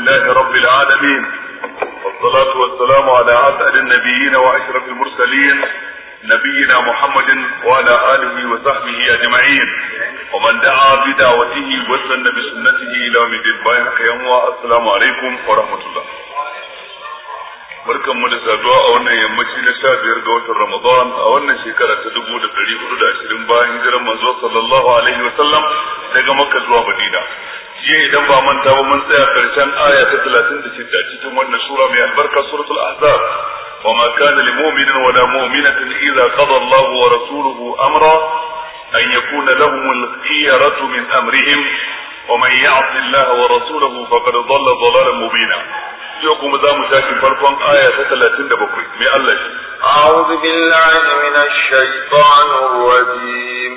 لله رب العالمين والصلاة والسلام على أسعد النبيين وأشرف المرسلين نبينا محمد وعلى آله وصحبه أجمعين ومن دعا بدعوته وسن بسنته إلى يوم الدين السلام عليكم ورحمة الله barkan mu da saduwa a wannan yammaci na sha biyar ga watan Ramadan a wannan shekara ta dubu da dari hudu da ashirin bayan hijirar manzo sallallahu alaihi wa sallam daga Makka zuwa Madina je idan ba manta ba mun tsaya karshen aya ta 36 a cikin wannan sura mai albarka suratul ahzab وما كان لمؤمن ولا مؤمنة إذا قضى الله ورسوله أمرا أن يكون لهم الخيرة من أمرهم ومن يعص الله ورسوله فقد ضل ضلالا مبينا يقوم ذا مشاكل فرقم آية 37 من الله أعوذ بالله من الشيطان الرجيم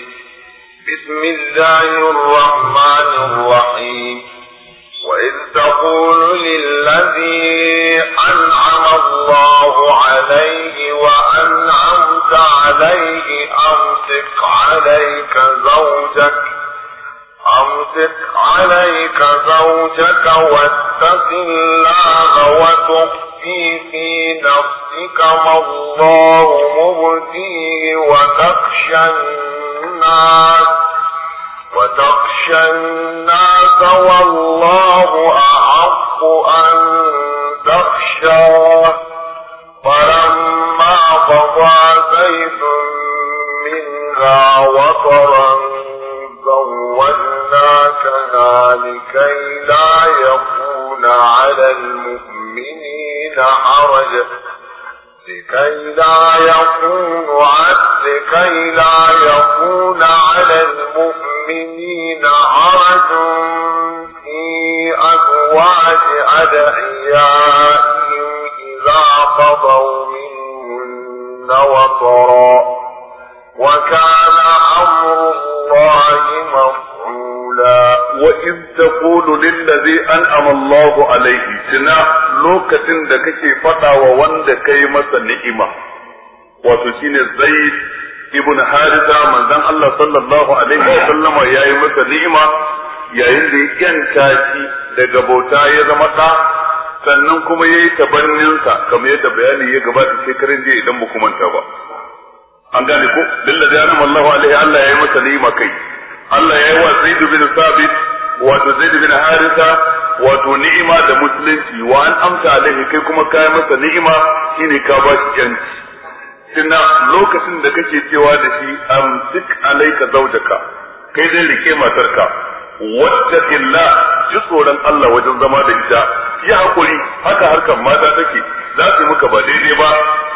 بسم الله الرحمن الرحيم وإذ تقول للذي أنعم الله عليه وأنعمت عليه أمسك عليك زوجك أمسك عليك زوجك واتق الله وتخفي في نفسك ما الله مبديه وتخشى الناس وتخشى الناس والله أحق أن تخشاه فلما قضى زيد منها وطرا لكي لا يكون على المؤمنين حرج لكي لا يكون لكي لا يكون على المؤمنين حرج في أزواج أدعيائهم إذا قضوا منهن وطرا وكان أمر الله مفروضا الأولى وإذ تقول للذي أنعم الله عليه سنا لوكة دكتي فتا ووند كيمة نئمة وتسين الزيد ابن حارثة من ذن الله صلى masa ni'ima yayin da يمة نئمة يا يلي كان كاتي لقبوتا يزمتا sannan kuma ya yi tabanninsa kamar yadda bayani ya gabata shekarun jiya idan ba kuma ta ba an gane ko dillaza ya nama Allah alaihi Allah ya yi masa ni'ima kai Allah ya yi wa Zaid bin Sabit wato Zaid bin Harisa wato ni'ima da musulunci wa an amsa alaihi kai kuma kai masa ni'ima shine ka ba shi yanci tunda lokacin da kake cewa da shi amsik alaika ka kai dai rike matarka illa ji tsoron Allah wajen zama da ita yi hakuri haka harkan mata take za su muka ba daidai ba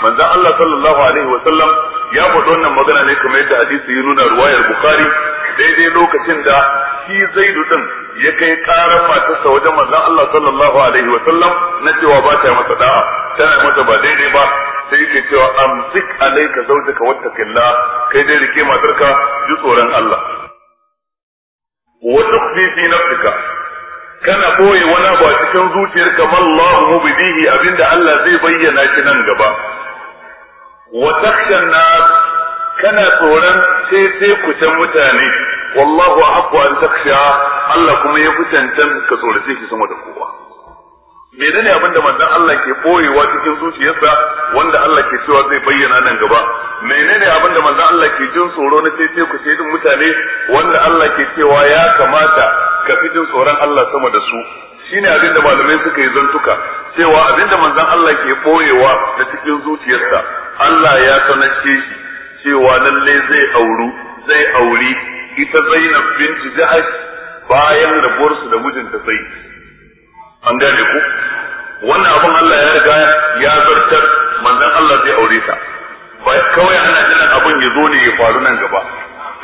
manzon Allah sallallahu alaihi wa sallam ya faɗi wannan magana ne kamar yadda hadisi ya nuna ruwayar bukhari daidai lokacin da shi zai din ya kai karar matarsa wajen manzon Allah sallallahu alaihi wa sallam na cewa ba ta masa da'a tana mata ba daidai ba sai yake cewa amsik alayka zawjaka wattaqillah kai dai rike matarka ji tsoron Allah wa tukhfi fi nafsika kana boye wani ba cikin zuciyarka mallahu mubidihi abinda Allah zai bayyana shi nan gaba wa takhsha nas kana tsoron sai sai kucen mutane wallahu aqwa an takhsha Allah kuma ya kucantan ka tsorace shi sama da kowa menene abin da manzon Allah ke boyewa cikin zuciyarsa wanda Allah ke cewa zai bayyana nan gaba menene abin da manzon Allah ke jin tsoro na sai sai kuce din mutane wanda Allah ke cewa ya kamata ka fi jin tsoron Allah sama da su shine abin da malamai suka yi zantuka cewa abin da manzon Allah ke boyewa da cikin zuciyarsa Allah ya sanace shi cewa lalle zai auru zai auri ita Zainab binti Jahash bayan rabuwar su da mijinta sai an gane ku wannan abin Allah ya riga ya zartar manzon Allah zai aure ta ba kawai ana jiran abin ya zo ne ya faru nan gaba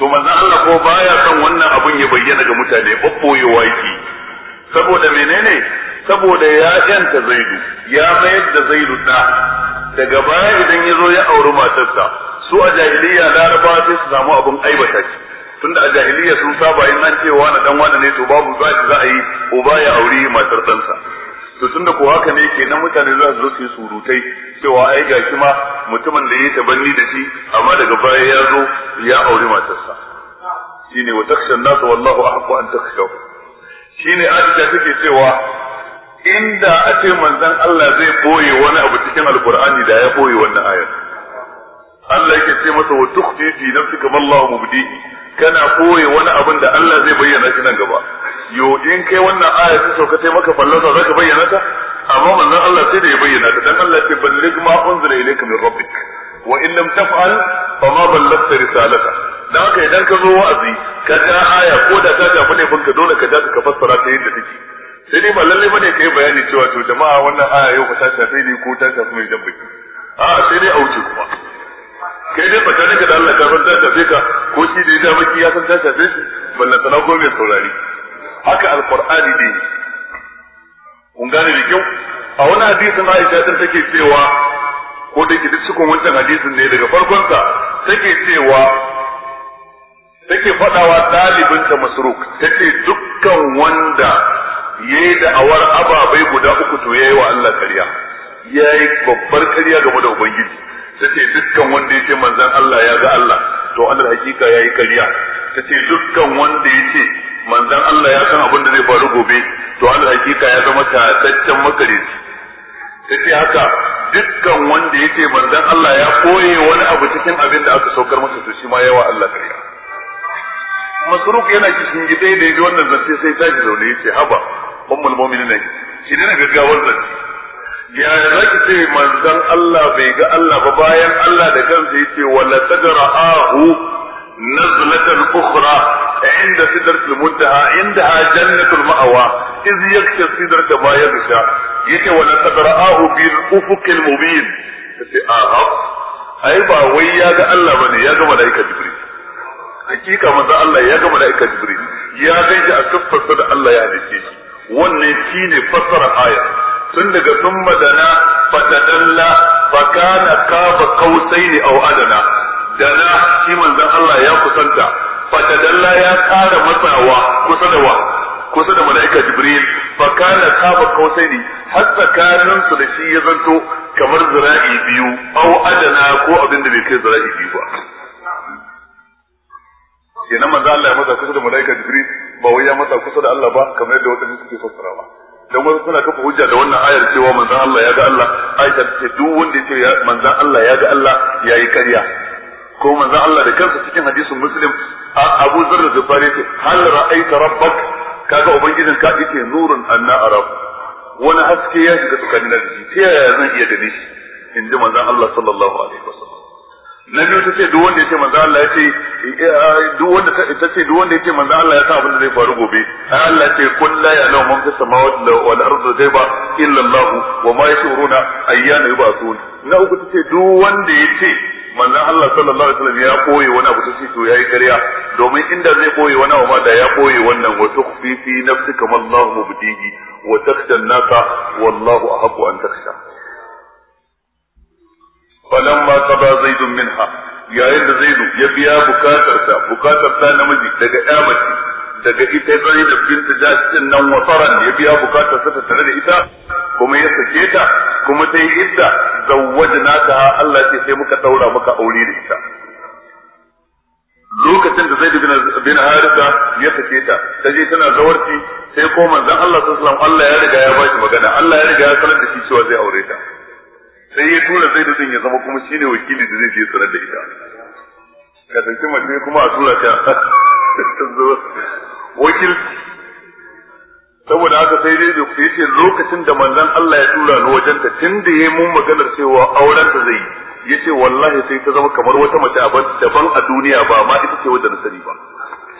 to manzon Allah ko baya son wannan abin ya bayyana ga mutane ya waki saboda menene saboda ya yanta zaidu ya mayar da zaidu da daga baya idan ya zo ya auri matarsa su a jahiliya laraba sai su samu abin aibata shi tunda a jahiliya sun saba in an cewa na dan wani ne to babu za za a yi uba ya auri matar ɗansa to tunda ko haka ne nan mutane za su zo su yi surutai cewa ai ga shi ma mutumin da ya tabanni da shi amma daga baya ya zo ya auri matarsa shine wa takshan nasu wallahu ahqqu an takshaw shine aisha take cewa inda a ce manzon Allah zai boye wani abu cikin alkur'ani da ya boye wannan ayar Allah yake ce masa wa tukhfi fi nafsika wallahu mubdihi kana boye wani abin da Allah zai bayyana shi nan gaba yo in kai wannan aya ta sauka sai maka fallasa zaka bayyana ta amma manzon Allah sai da ya bayyana ta dan Allah ce balligh ma unzila ilayka min rabbik wa in lam taf'al fama ballagta risalata dan haka idan ka zo wa'azi ka ga aya ko da ta tafi ne dole ka ja ka fassara ta yadda take sai dai ba lalle bane kai bayani cewa to jama'a wannan aya yau ba ta shafe ni ko ta shafe mai dabbai a sai dai auce kuma kai dai bata ka da Allah ka san ta shafe ka ko shi da ya maki ya san ta shafe shi ballan sana ko mai saurari haka alqur'ani dai kun gane da kyau a wani hadisin Aisha din take cewa ko da ki duk cikin wancan hadisin ne daga farkon sa take cewa take faɗawa ɗalibinta masruk ta ce dukkan wanda yayi da awar ababai guda uku to yayi wa Allah kariya yayi babbar kariya game da ubangiji ce dukkan wanda yace manzan Allah ya ga Allah to Allah hakika yayi kariya ce dukkan wanda yace manzan Allah ya san abin da zai faru gobe to Allah hakika ya zama tataccen Ta ce haka dukkan wanda yace manzan Allah ya koye wani abu cikin abin da aka saukar masa to shi ma wa Allah kariya masruk yana cikin gidai da yaji wannan zance sai ta ji zaune ce haba ummul mu'minin ne ki dina gaggawar zance ya zaki ce manzon Allah bai ga Allah ba bayan Allah da kansa yace wala tadra'ahu نزلة أخرى عند سدرة المنتهى عندها جنة المأوى إذ يكشف سدرة ما يغشى يتي ولا تقرأه بالأفق المبين تسي آه أي با wai ya ga Allah bane ya ga malaika Jibril hakika manzo Allah ya ga malaika Jibril ya gaji a tuffarsa da Allah ya halice shi wannan shine fassara aya tun daga sun madana fatadalla fakana kausai ne au adana dana shi manzon Allah ya kusanta fatadalla ya kara matsawa kusa da wa kusa da malaika jibril fakana kausai ne. har tsakanin su da shi ya zanto kamar zira'i biyu au adana ko abin da bai kai zira'i biyu ba kenan manzo Allah ya masa kusa da malaika Jibril ba wai ya masa kusa da Allah ba kamar yadda wadansu suke fassarawa dan wasu suna kafa hujja da wannan ayar cewa manzo Allah ya ga Allah Aisha ce duk wanda ya ce manzo Allah ya ga Allah yayi ƙarya ko manzo Allah da kansa cikin hadisin Muslim Abu Zar da Zubari ce hal ra'aita rabbak kaga ubangijin ka yace nurun anna arab wani haske ya shiga tsakanin da shi ta yaya zan iya gani shi in ji manzon Allah sallallahu alaihi wasallam na biyu ce duk wanda ce manzo Allah yace eh, eh, duk wanda tace duk wanda yace manzo Allah ya sa abin da zai faru gobe ai Allah ce kun la ya'lamu man fis samawati wal zai ba. illa Allah wa ma yashuruna ayyana yub'athun na uku tace duk wanda yace manzo Allah sallallahu alaihi wasallam ya koyi wani abu ta ce to yayi ƙarya domin inda zai koyi wani abu ma da ya koyi wannan wa tukhfi fi nafsika ma Allah mubdihi wa takhsha an-nasa wallahu ahqqu an takhsha falamma qada zaidun minha yayin da zaidu ya biya bukatarsa bukatar ta namiji daga ya mace daga ita da bint jash din nan wasaran ya biya bukatar sa ta tare da ita kuma ya sake ta kuma ta yi idda zawwajnaka Allah ce sai muka daura maka aure da ita lokacin da Zaid bin Haritha ya sake ta ta je tana zawarci sai ko manzon Allah sallallahu alaihi wasallam Allah ya riga ya ba shi magana Allah ya riga ya sanar da shi cewa zai aure ta sai ya tura zai da ya zama kuma shine wakili da zai je sanar da ita ka dauki mace kuma a tura ta wakil saboda haka sai dai da ya ce lokacin da manzon Allah ya tura ni wajen ta tun da yayi mun maganar cewa auren ta zai ya ce wallahi sai ta zama kamar wata mace daban a duniya ba ma ita ce wajen sani ba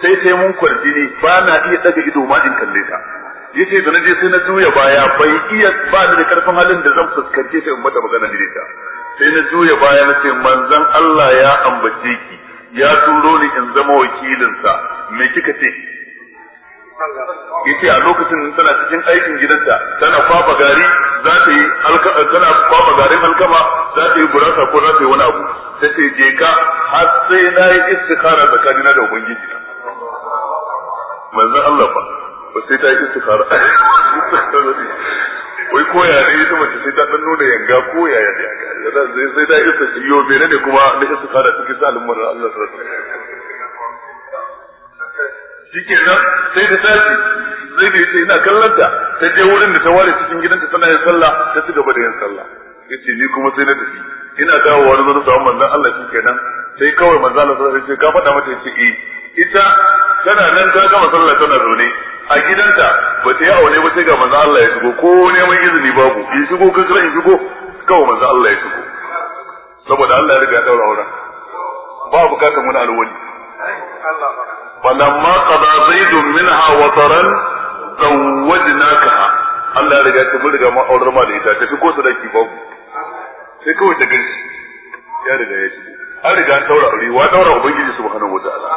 sai sai mun kwarjini ba na iya daga ido ma in kalle ta yace da naje sai na juya baya bai iya ba ni da karfin halin da zan fuskance ta in magana da ita sai na juya baya na ce manzon Allah ya ambace ki ya turo ni in zama wakilinsa me kika ce yace a lokacin tana cikin aikin gidanta tana fafa gari za ta yi tana fafa garin alkama za ta yi burasa ko za ta yi wani abu ta je ka har sai na yi istikhara tsakanina da ubangiji manzon Allah fa ba sai ta yi istikhara wai ko ya ne ita mace sai ta dan nuna yanga ko ya ya da zai sai ta isa istikhara bene ne kuma na istikhara cikin salin marar Allah sallallahu alaihi wasallam shike nan sai ta tashi zai ne sai ina kallon ta ta je wurin da ta ware cikin gidanta tana yin sallah ta ci gaba da yin sallah yace ni kuma sai na tafi ina dawowa wani zuwa samun manzon Allah shikenan sai kawai manzon Allah sallallahu alaihi wasallam ya ce ka faɗa mata yace eh ita tana nan ta gama sallah tana ne a gidanta ba ta yi aure ba sai ga manzo Allah ya shigo ko neman izini babu in shigo ka kira in shigo kawai manzo Allah ya shigo saboda Allah ya riga ya daura auren ba bukatar wani alwali falamma qada zaidun minha wa taran zawwajnakaha Allah ya riga ya tabbata ga ma'aurar ma da ita ta fi ko sadaki babu sai kawai ta gani ya riga ya shigo an riga an daura aure wa daura ubangiji subhanahu wa ta'ala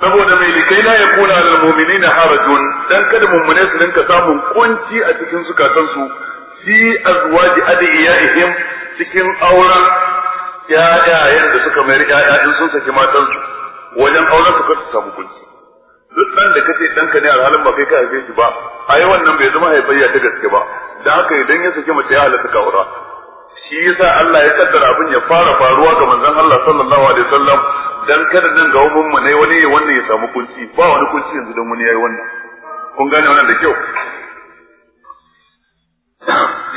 saboda mai likai la yakuna lil mu'minina harajun dan kada mummune su rinka samun kunci a cikin zukatan su fi azwaji adiyaihim cikin auren ƴaƴayen da suka mayar ƴaƴa sun saki su wajen auren su kasu samu kunci duk ɗan da kace ɗanka ne alhalin ba kai ka haife shi ba a yi wannan bai zama haifayya ta gaske ba da haka idan ya saki mace ya halatta ka aura shi yasa Allah ya kaddara abin ya fara faruwa ga manzon Allah sallallahu alaihi wasallam dan kada nan ga wani mu ne wani wannan ya samu kunci ba wani kunci yanzu dan wani yayi wannan kun gane wannan da kyau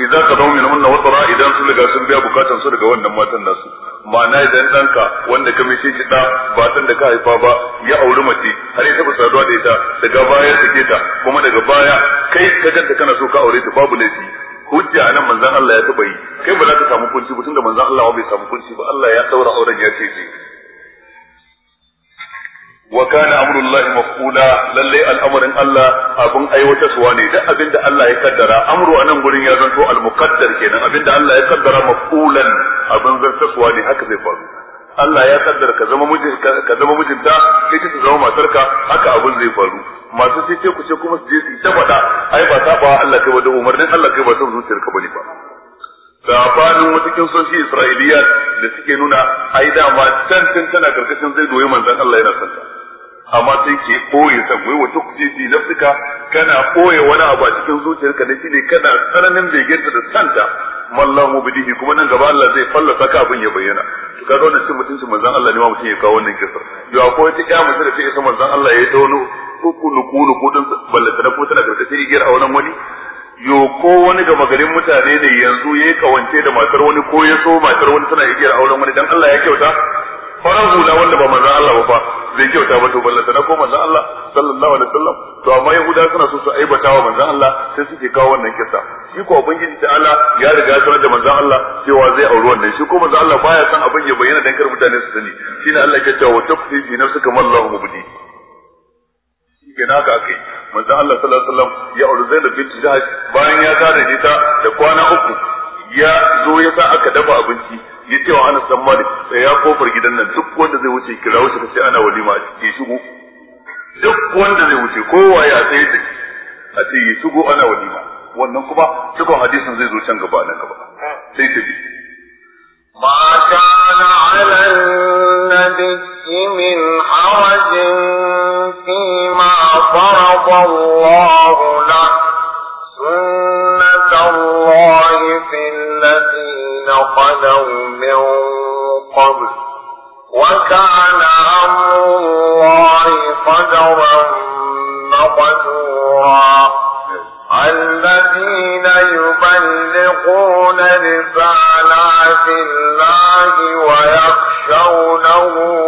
idan ka dawo min wannan wata idan sun riga sun biya bukatun su daga wannan matan nasu ma'ana idan danka wanda ka mishe shi da batan da ka haifa ba ya auri mace har ya taba saduwa da ita daga baya ya sake ta kuma daga baya kai ka ganta kana so ka aure ta babu laifi hujja nan manzon Allah ya taba yi kai ba za ka samu kunci ba tunda manzon Allah bai samu kunci ba Allah ya daura auren ya ce wa kana amrullahi maf'ula lalle al'amarin Allah abin aiwatarwa ne da abinda Allah ya kaddara amru anan gurin ya zanto al-muqaddar kenan abinda Allah ya kaddara maf'ulan abin zartaswa ne haka zai faru Allah ya kaddara ka zama mijin ka zama mijinta ita ta zama matarka haka abin zai faru masu sai ku ce kuma su je su ta faɗa ai ba saba Allah kai ba da umarnin Allah kai ba son zuciyarka bane ba sabanin wata kinsoshi Isra'iliya da suke nuna ai dama can tantan tana karkashin zai doyi manzon Allah yana santa amma sai ke koye ta wai wata kuje fi nafsika kana koye wani abu a cikin zuciyarka da shi ne kana tsananin beginta da santa mallahu bidihi kuma nan gaba Allah zai fallasa ka abin ya bayyana to kaga wannan cin mutuncin manzon Allah ne ma mutun ya kawo wannan kisa yo akwai wata kiyama da take isa manzon Allah ya yi ta wani nuku nuku kudin ballata da ko tana karkashin igiyar a wannan wani yo ko wani gama magarin mutane ne yanzu ya kawance da matar wani ko ya so matar wani tana igiyar auren wani dan Allah ya kyauta farahu hula wanda ba manzon Allah ba fa zai kyauta ba to ballanta na ko manzon Allah sallallahu alaihi wasallam to amma yahuda suna so su aibata wa manzon Allah sai suke kawo wannan kissa shi ko ubangiji ta'ala ya riga ya sanar da manzon Allah cewa zai auri wannan shi ko manzon Allah baya san abin ya bayyana dan kar mutane su sani shine Allah ke cewa tafsi bi nafsika mallahu mubdi kenan haka akai manzon Allah sallallahu alaihi wasallam ya auri Zainab bint Jahash bayan ya tare da ita da kwana uku ya zo ya sa aka dafa abinci ya ce wa Anas dan Malik sai ya kofar gidan nan duk wanda zai wuce kira wuce ka ce ana walima a shigo duk wanda zai wuce kowa ya sai da a ce ya shigo ana walima wannan kuma cikon hadisin zai zo can gaba nan gaba sai ta bi ما كان على النبي min حرج قدرا مقدورا الذين يبلغون رسالات الله ويخشونه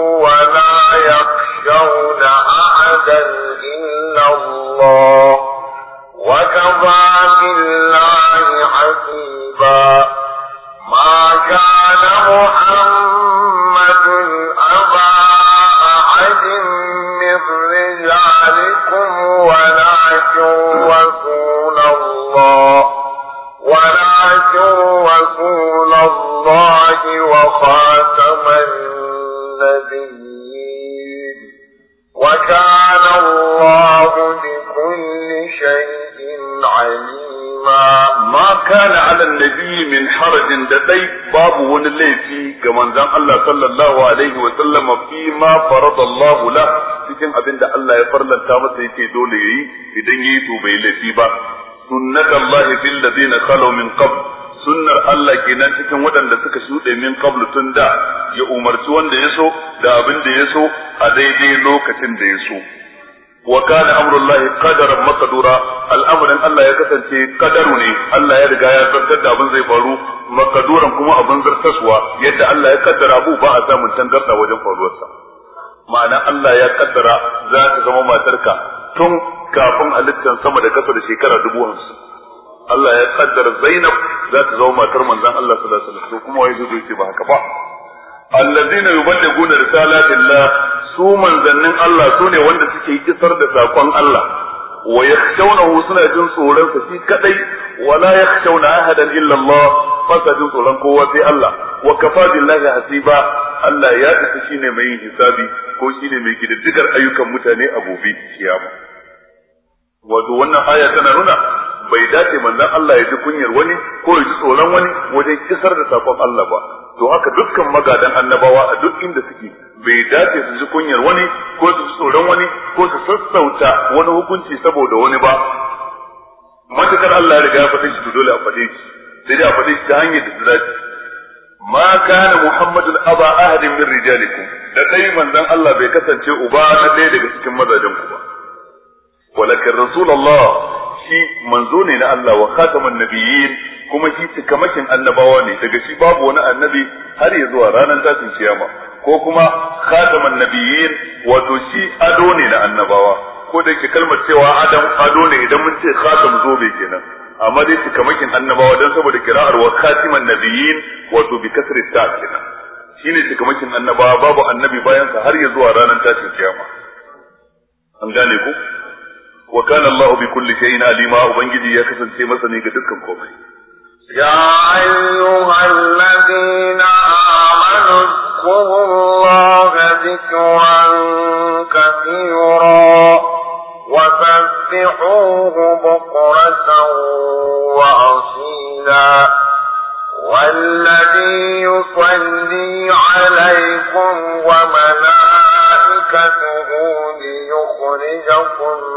وخاتم النبيين وكان الله بكل شيء عليما ما كان على النبي من حرج لدي باب ونليفي كما زم الله صلى الله عليه وسلم فيما فرض الله له cikin abin da Allah ya farlanta masa yake dole yayi idan yayi to bai laifi ba sunnatullahi fil ladina khalu min qabl sunnar Allah kenan cikin waɗanda suka shuɗe min qablu tun da ya umarci wanda ya so da abin da ya so a daidai lokacin da ya so wa kana Allah qadaran maqdura al'amarin Allah ya kasance kadaru ne Allah ya riga ya tsantar da abin zai faru maqduran kuma abin zartaswa yadda Allah ya kaddara bu ba a samun tangarda wajen faruwarsa ma'ana Allah ya kaddara za ta zama matarka tun kafin halittar sama da kasa da shekara dubu Allah ya kaddara Zainab za ta zama matar manzon Allah sallallahu alaihi wasallam kuma wai zai ce ba haka ba alladheena yuballighuna risalatillah su manzannin Allah su ne wanda suke kisar da sakon Allah wa yakhshawnahu suna jin tsoron sa shi kadai wala yakhshawna ahadan illa Allah ba sa jin tsoron kowa sai Allah wa kafa billahi hasiba Allah ya isa shine mai hisabi ko shine mai kididdigar ayyukan mutane a gobe kiyama wato wannan aya tana nuna bai dace manzon Allah ya ji kunyar wani ko ya ji tsoron wani wajen kisar da sakon Allah ba to haka dukkan magadan annabawa a duk inda suke bai dace su ji kunyar wani ko su ji tsoron wani ko su sassauta wani hukunci saboda wani ba matakar Allah ya riga ya faɗi shi dole a faɗe shi sai dai a faɗe shi ta hanyar da ta dace ma kana muhammadu aba ahadin min rijalikum da dai manzon Allah bai kasance uba na ɗaya daga cikin mazajen ku ba walakin rasulullah shi manzo ne na Allah wa khataman nabiyyin kuma shi cikamashin annabawa ne daga shi babu wani annabi har ya zuwa ranar tashin kiyama ko kuma khataman nabiyyin wato shi ado ne na annabawa ko da ke kalmar cewa adam ado ne idan mun ce khatam zobe kenan amma dai cikamakin annabawa dan saboda kira'ar wa khatiman nabiyyin wato bi kasri ta kenan shine cikamakin annabawa babu annabi bayan sa har ya zuwa ranar tashin kiyama an gane ku وكان الله بكل شيء عليما وبنجدي يا قد شيء مثلا يا أيها الذين آمنوا اذكروا الله ذكرا كثيرا وسبحوه بكرة وأصيلا والذي يصلي عليكم وملائكته ليخرجكم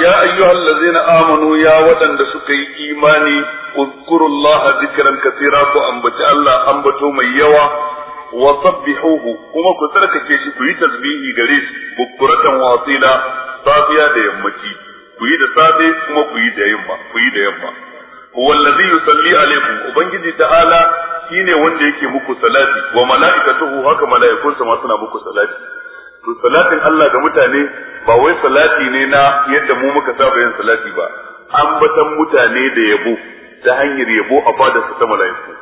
ya Allah zaina amanu ya waɗanda suka yi imani uzkurullaha zikran kathira ku ambaci Allah ambato mai yawa wa sabbihuhu kuma ku tsarkake shi ku yi tasbihi gare shi bukuratan safiya da yammaci ku yi da safe kuma ku yi da yamma ku yi da yamma huwa allazi yusalli alaikum ta'ala shine wanda yake muku salati wa mala'ikatuhu haka mala'ikunsa ma suna muku salati salatin Allah ga mutane ba wai salati ne na yadda mu muka saba yin salati ba An ambatan mutane da yabo ta hanyar yabo a fadar su ta mala'iku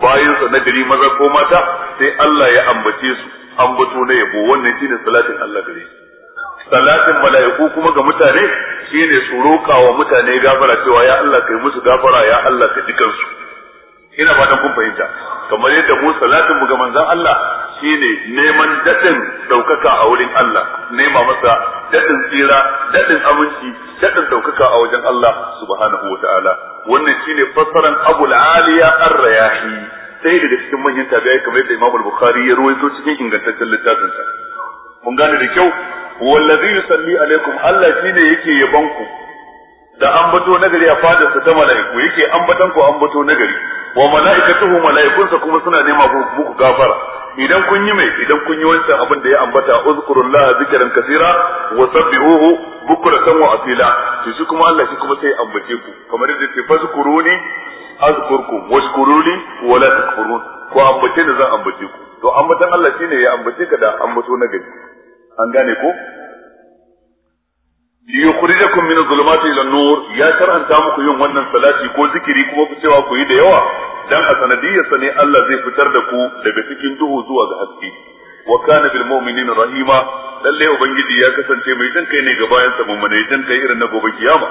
bayan sa nagari maza ko mata sai Allah ya ambace su ambato na yabo wannan shine salatin Allah gare shi salatin mala'iku kuma ga mutane shine su mutane gafara cewa ya Allah kai musu gafara ya Allah ka dukan su ina fatan kun fahimta kamar yadda mu salatin mu ga manzon Allah shine neman dadin daukaka a wurin Allah nema masa dadin tsira dadin aminci dadin daukaka a wajen Allah subhanahu wataala wannan shine fassaran abul aliya ar-rayahi sai daga cikin manyan tabi'ai kamar yadda Imam al-Bukhari ya ruwaito cikin ingantaccen littafin sa mun gane da kyau wallazi yusalli alaikum Allah shine yake yabanku ku da ambato nagari a fadar su ta mala'iku yake ambatan ku ambato nagari wa mala'ikatuhu mala'ikunsa kuma suna nema muku gafara idan kun yi mai idan kun yi wancan abin da ya ambata uzkurullaha zikran kaseera wa sabbihuhu bukratan wa asila to shi kuma Allah shi kuma sai ambace ku kamar yadda ke fazkuruni azkurkum washkuruni wa la takfurun ko ambace da zan ambace ku to ambatan Allah shine ya ambace ka da ambato nagari an gane ko liyukhrijakum min adh-dhulumati ila an-nur ya karanta muku yin wannan salati ko zikiri kuma ku cewa ku yi da yawa dan a sanadiyar sa ne Allah zai fitar da ku daga cikin duhu zuwa ga haske wa kana bil mu'minina rahima lalle ubangiji ya kasance mai jin kai ne ga bayan sa mun jin kai irin na gobe kiyama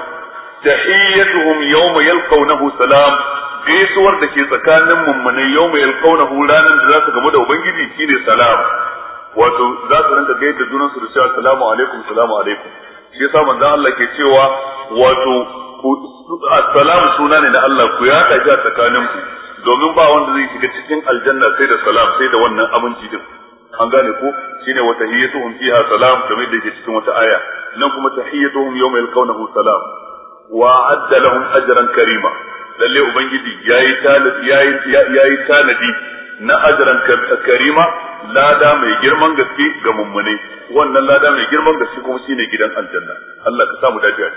tahiyyatuhum yawma yalqawnahu salam gaisuwar da ke tsakanin mummunai yawma yalqawnahu ranar da za su gamu da ubangiji shine salam wato za su rinka gaida junansu da cewa salamu alaikum salamu alaikum shi yasa manzo Allah ke cewa wato assalamu suna ne na Allah ku ya ta a tsakanin ku domin ba wanda zai shiga cikin aljanna sai da salam sai da wannan abinci din an gane ko shine wa tahiyyatuhum fiha salam kamar da yake cikin wata aya nan kuma tahiyyatuhum yawma yalqawnahu salam wa adda lahum ajran karima lalle ubangiji yayi talib yayi yayi tanadi na ajran karima lada mai girman gaske ga mummune wannan lada mai girman gaske kuma shine gidan aljanna Allah ka samu dafiya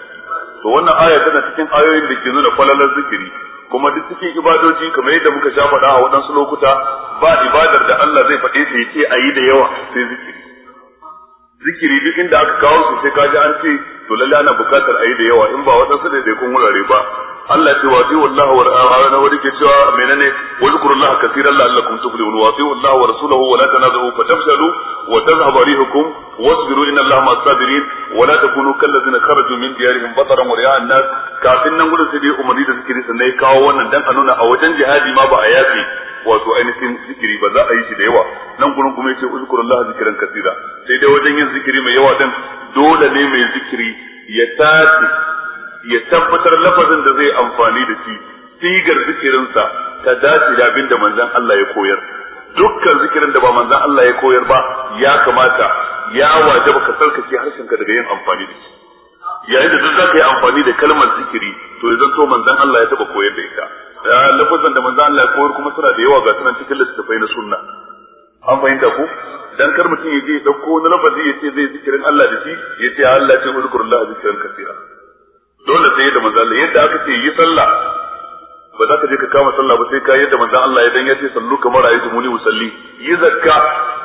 to wannan aya tana cikin ayoyin da ke nuna falalar zikiri kuma duk cikin ibadoji kamar yadda muka sha faɗa a waɗansu lokuta ba ibadar da Allah zai faɗe ta yace a yi da yawa sai zikiri zikiri duk inda aka kawo su sai kaji an ce to lalle ana buƙatar a yi da yawa in ba waɗansu daidaikun wurare ba Allah ya ce wa fi wallahu wa ra'ana wa dake cewa menene wa zikrullaha kaseeran la'allakum tuflihun wa fi wa rasuluhu wa la tanazahu wa rihukum wasbiru inna Allaha sabirin wa la takunu kharaju min diyarihim bataran wa nas kafin nan gudun sai dai umarni da zikiri sannan ya kawo wannan dan a nuna a wajen jihadi ma ba a yafi wato ainihin zikiri ba za a yi shi da yawa nan gurin kuma uzkurullaha kaseera sai dai wajen yin zikiri mai yawa dan dole ne mai zikiri ya tace ya tabbatar lafazin da zai amfani da shi sigar zikirinsa ta dace da abin da manzon Allah ya koyar dukkan zikirin da ba manzon Allah ya koyar ba ya kamata ya wajaba ka sarkace harshenka daga yin amfani da shi yayin da duk za ka yi amfani da kalmar zikiri to ya zanto manzon Allah ya taba koyar da ita lafazan da manzon Allah ya koyar kuma suna da yawa ga sunan cikin littattafai na sunna an fahimta ku, dan kar mutum ya je ya dauko wani lafazi ya ce zai zikirin Allah da shi ya ce Allah ya ce uzkurullah zikirin kasira. dole sai da manzo Allah yadda aka ce yi sallah ba za ka je ka kama sallah ba sai ka yadda manzo Allah ya dan ya ce sallu kamar ayyuka muni musalli yi zakka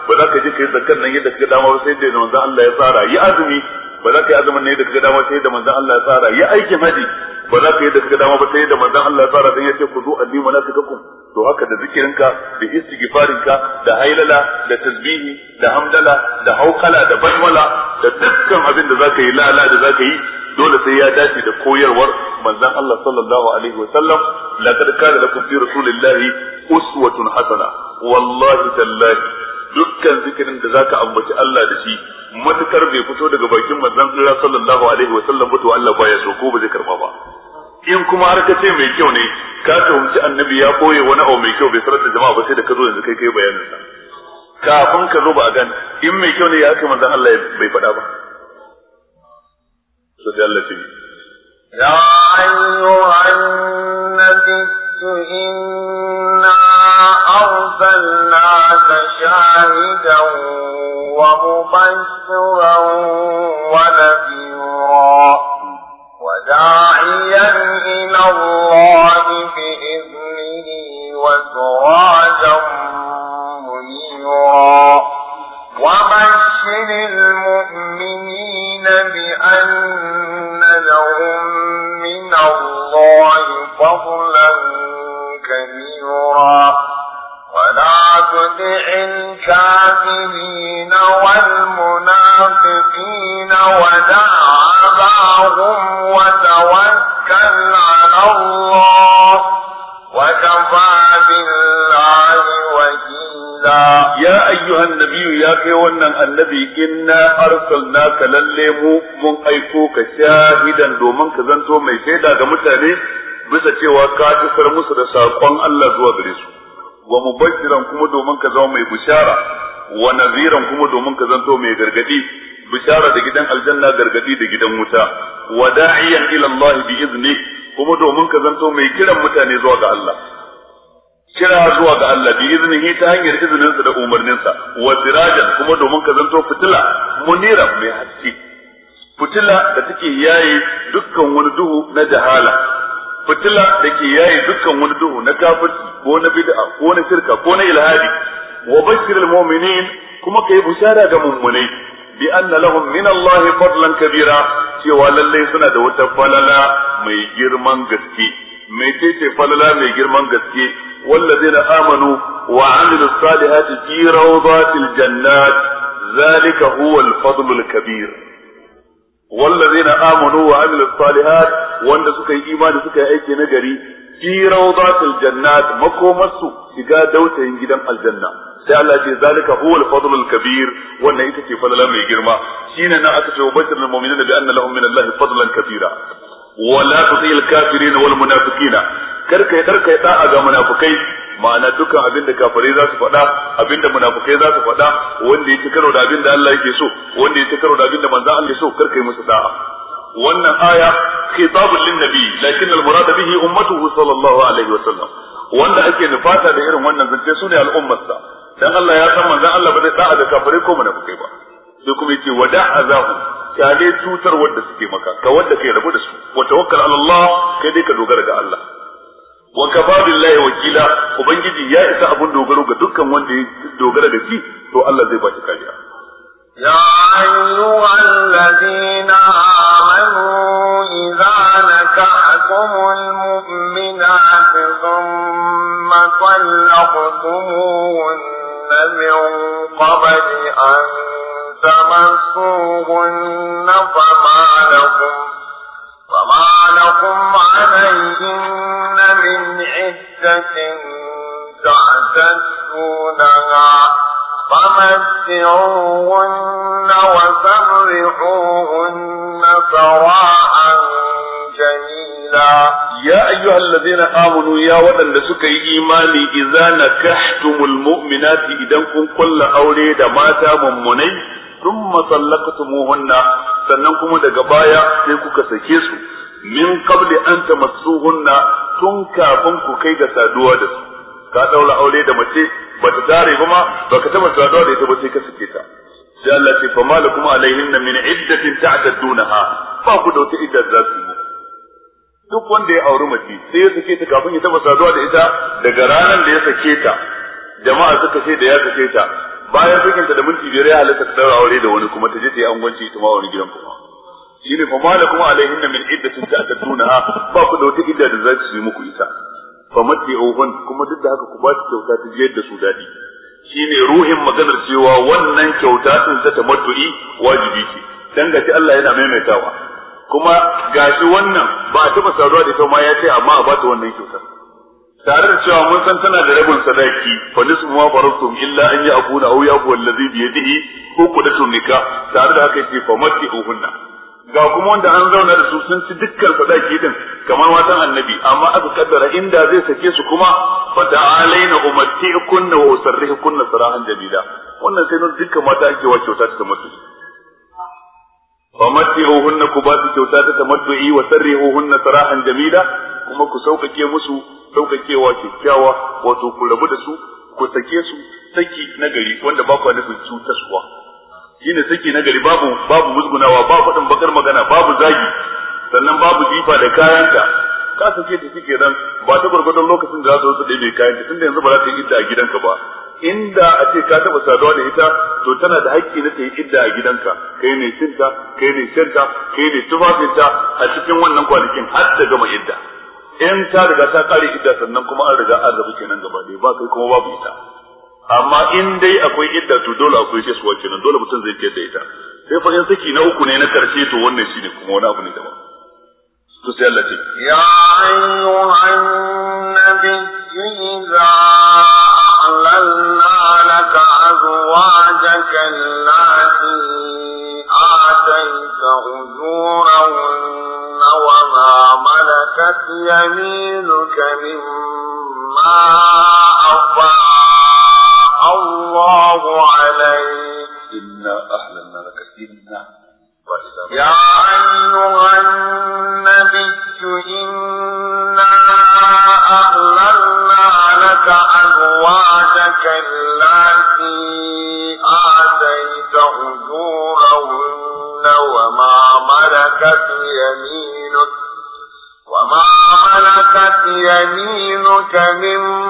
ba za ka je ka yi zakkan nan yadda kaga dama sai da manzo Allah ya tsara yi azumi ba za ka yi azumin nan yadda kaga dama sai da manzo Allah ya tsara yi aikin haji ba za ka yi yadda kaga dama ba sai da manzo Allah ya tsara dan ya ce ku zo addini malakatukum to haka da zikirinka da istighfarinka da hailala da tasbihi da hamdala da haukala da banwala da dukkan abin da zaka yi lala da zaka yi dole sai ya dace da koyarwar manzon Allah sallallahu alaihi wa sallam laqad kana lakum fi rasulillahi uswatun hasana wallahi tallahi dukkan zikirin da zaka ambaci Allah da shi matukar bai fito daga bakin manzon Allah sallallahu alaihi wa sallam ba to Allah baya so ko ba zai ba in kuma har ka ce mai kyau ne ka tuhumci annabi ya koye wani abu mai kyau bai sarar da jama'a ba sai da ka zo yanzu kai kai bayanin sa kafin ka zo ba a gane in mai kyau ne ya kai manzan Allah bai faɗa ba sai Allah ce ya ayyuhan nabiyyu inna arsalnaka shahidan wa mubashiran wa nadhira وداعيا إلى الله kai wannan annabi inna arsalnaka lalle mu mun aiko ka shahidan domin ka zanto mai shaida ga mutane bisa cewa ka tsar musu da sakon Allah zuwa gare su wa mubashiran kuma domin ka zama mai bishara wa naziran kuma domin ka zanto mai gargadi bishara da gidan aljanna gargadi da gidan wuta wa da'iyan ila Allah bi izni kuma domin ka zanto mai kiran mutane zuwa ga Allah kira zuwa ga Allah bi iznihi ta hanyar izininsa da umarninsa wa sirajan kuma domin ka zanto fitila munira mai haske fitila da take yayi dukkan wani duhu na jahala fitila da ke yayi dukkan wani duhu na kafirci ko na bid'a ko na shirka ko na ilhadi wa bashiril mu'minin kuma kai bushara ga mummunai bi anna lahum min Allah fadlan kabira cewa lalle suna da wata falala mai girman gaske mai ce falala mai girman gaske والذين آمنوا وعملوا الصالحات في روضات الجنات ذلك هو الفضل الكبير والذين آمنوا وعملوا الصالحات وأن سكي إيمان سكي أيكي نجري في روضات الجنات مكومسو إذا دوت جدا الجنة sai Allah ce zalika huwa al-fadl al-kabir wannan ita ce fadlan mai girma shine nan aka ce wa bashirul mu'minina bi anna lahum min Allah fadlan kabira wala tuti al-kafirin wal munafiqina karka ya karka ya da'a ga munafikai ma'ana dukkan abinda da kafirai za su faɗa abinda da munafikai za su faɗa wanda yake karo da abinda da Allah yake so wanda yake karo da abin da manzo Allah yake so karka yi musu da'a wannan aya khitabun lin nabi lakin al-murad bihi ummatuhu sallallahu alaihi wasallam wanda ake nufata da irin wannan zance sune al'ummarsa dan Allah ya san manzo Allah ba zai da'a da kafirai ko munafikai ba sai kuma yake wada'a zahu kyale cutar wanda suke maka ka wanda kai rabu da su wa tawakkal ala Allah kai dai ka dogara ga Allah wa kafa billahi wakila ubangiji ya isa abun dogaro ga dukkan wanda ya dogara da shi to Allah zai ba shi kariya يا أيها الذين آمنوا إذا نكحتم المؤمنات ثم طلقتموهن من قبل imani na nakahtumul mu'minati idan kun kulla aure da mata mummunai thumma sallaqtumuhunna sannan kuma daga baya sai kuka sake su min qabli an tamassuhunna tun kafin ku kai ga saduwa da su ka daura aure da mace ba ta tare ba ma ka taba saduwa da ita ba sai ka sake ta sai Allah ce fa malakum alaihinna min iddatin ta'tadunaha ba ku da wata idda za su yi duk wanda ya auri mace sai ya sake ta kafin ya taba saduwa da ita daga ranar da ya sake ta jama'a suka ce da ya sake ta bayan sakin da minti biyar ya halatta ta daura aure da wani kuma ta je ta yi angwanci ita ma wani gidan kuma kuma fa malakum alaihinna min iddatin ta'tadunaha ba ku da wata idda da za su yi muku ita fa mati'uhun kuma duk da haka ku ba ta kyauta ta je da su daɗi. Shi ne ruhin maganar cewa wannan kyauta sun ta tamattu'i wajibi ce dan Allah yana maimaitawa kuma gashi wannan ba a taba saduwa da ita ma ya ce amma a bata wannan kyauta tare da cewa mun san tana da rabin sadaki fa nisfu ma faratum illa an ya'kuna aw ya aqula allazi bi yadihi uqdatun nikah tare da haka yace fa uhunna ga kuma wanda an zauna da su sun ci dukkan sadaki din kamar matan annabi amma aka kaddara inda zai sake su kuma fa ta'alaina umatti'kunna wa kunna sarahan jarida. wannan sai nan dukkan mata ake wa kyauta ta mutu famati'uhunna ku ba su kyauta ta tamattu'i wa sarrihuhunna sarahan jamila kuma ku sauƙaƙe musu saukakewa kyakkyawa wato ku rabu da su ku sake su saki na gari wanda ba ku nufin cutarwa shine saki na gari babu babu musgunawa babu faɗin bakar magana babu zagi sannan babu jifa da kayanta ka sake da shi kenan ba ta gwargwadon lokacin da za ta zo da mai kayan ta tunda yanzu ba za ta yi idda a gidanka ba inda a ce ka taɓa saduwa da ita to tana da haƙƙi na ta yi idda a gidanka kai ne cinta kai ne shanta kai ne tufafinta a cikin wannan kwanakin har ta gama idda in ta riga ta ƙare idda sannan kuma an riga an rabu kenan gaba ɗaya ba kai kuma babu ita amma in dai akwai idda to dole akwai shi kenan dole mutum zai ce da ita sai fa in saki na uku ne na karshe to wannan shine kuma wani abu ne daban to sai Allah ce ya ayyuhan nabi idza alanna laka azwajaka allati atayta ujurahunna wa ma malakat yaminuka mimma من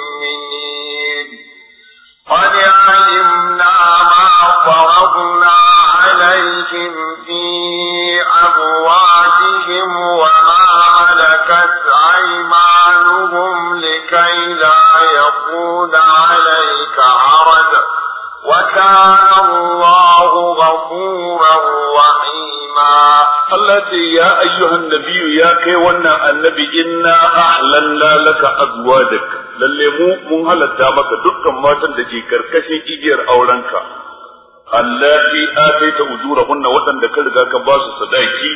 Allah ce ya ayyuhan nabiyyu ya kai wannan annabi inna ahlanna laka azwajak lalle mu mun halatta maka dukkan matan da ke karkashin igiyar aurenka allati ataita ujurahunna wadanda ka riga ka ba su sadaki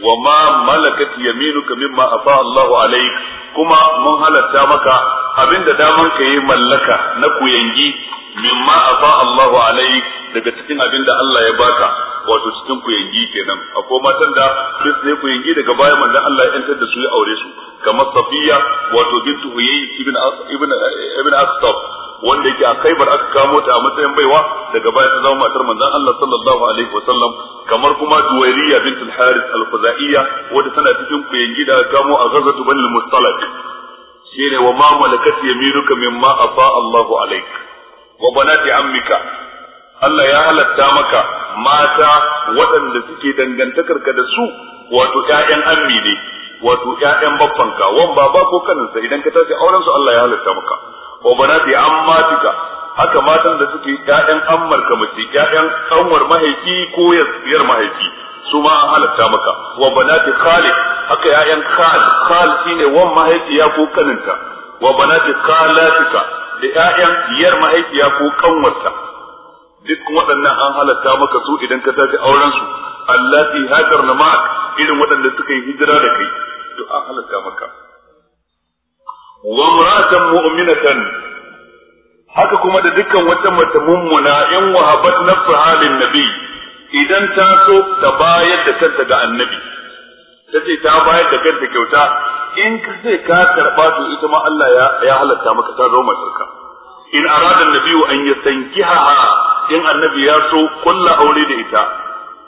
wa ma malakat yaminuka mimma afa Allahu alaik kuma mun halatta maka abinda daman ka yi mallaka na kuyangi mimma afa Allahu alaik daga cikin abinda Allah ya baka wato cikin ku kenan akwai matan da duk sai ku yangi daga baya manzon Allah ya yantar da su ya aure su kamar Safiya wato bintu Huyay ibn ibn ibn Akhtab wanda yake a Khaibar aka kamo ta a matsayin baiwa daga baya ta zama matar manzon Allah sallallahu alaihi wa sallam. kamar kuma Duwairiya bint al-Harith al-Khuzaiya wanda tana cikin ku da aka kamo a Ghazwat Bani al-Mustalaq shine wa ma malakat yaminuka mimma afa Allahu alaik wa banati ammika Allah ya halatta maka mata waɗanda suke dangantakarka da su wato 'ya'yan ammi ne wato 'ya'yan babbanka wan baba ko kaninsa idan ka tashi auren su Allah ya halatta maka wa banati haka matan da suke yayan ammar ka mace 'ya'yan kanwar mahaifi ko yar mahaifi su ma an halatta maka wa banati khali haka 'ya'yan khal khal shine wan mahaifiya ko kaninta wa banati khalatika da 'ya'yan yar mahaifiya ko kanwarta duk waɗannan an halatta maka su idan ka tafi auren su allati hajarna ma'ak irin waɗanda suka yi hijira da kai to an halatta maka wa muratan mu'minatan haka kuma da dukkan wata mace mummuna in wahabat nafsaha lin nabi idan ta so ta bayar da kanta ga annabi ta ce ta bayar da kanta kyauta in ka sai ka karba to ita ma Allah ya halatta maka ta zo matarka in arada wa an yastankihaha in annabi ya so kulla aure da ita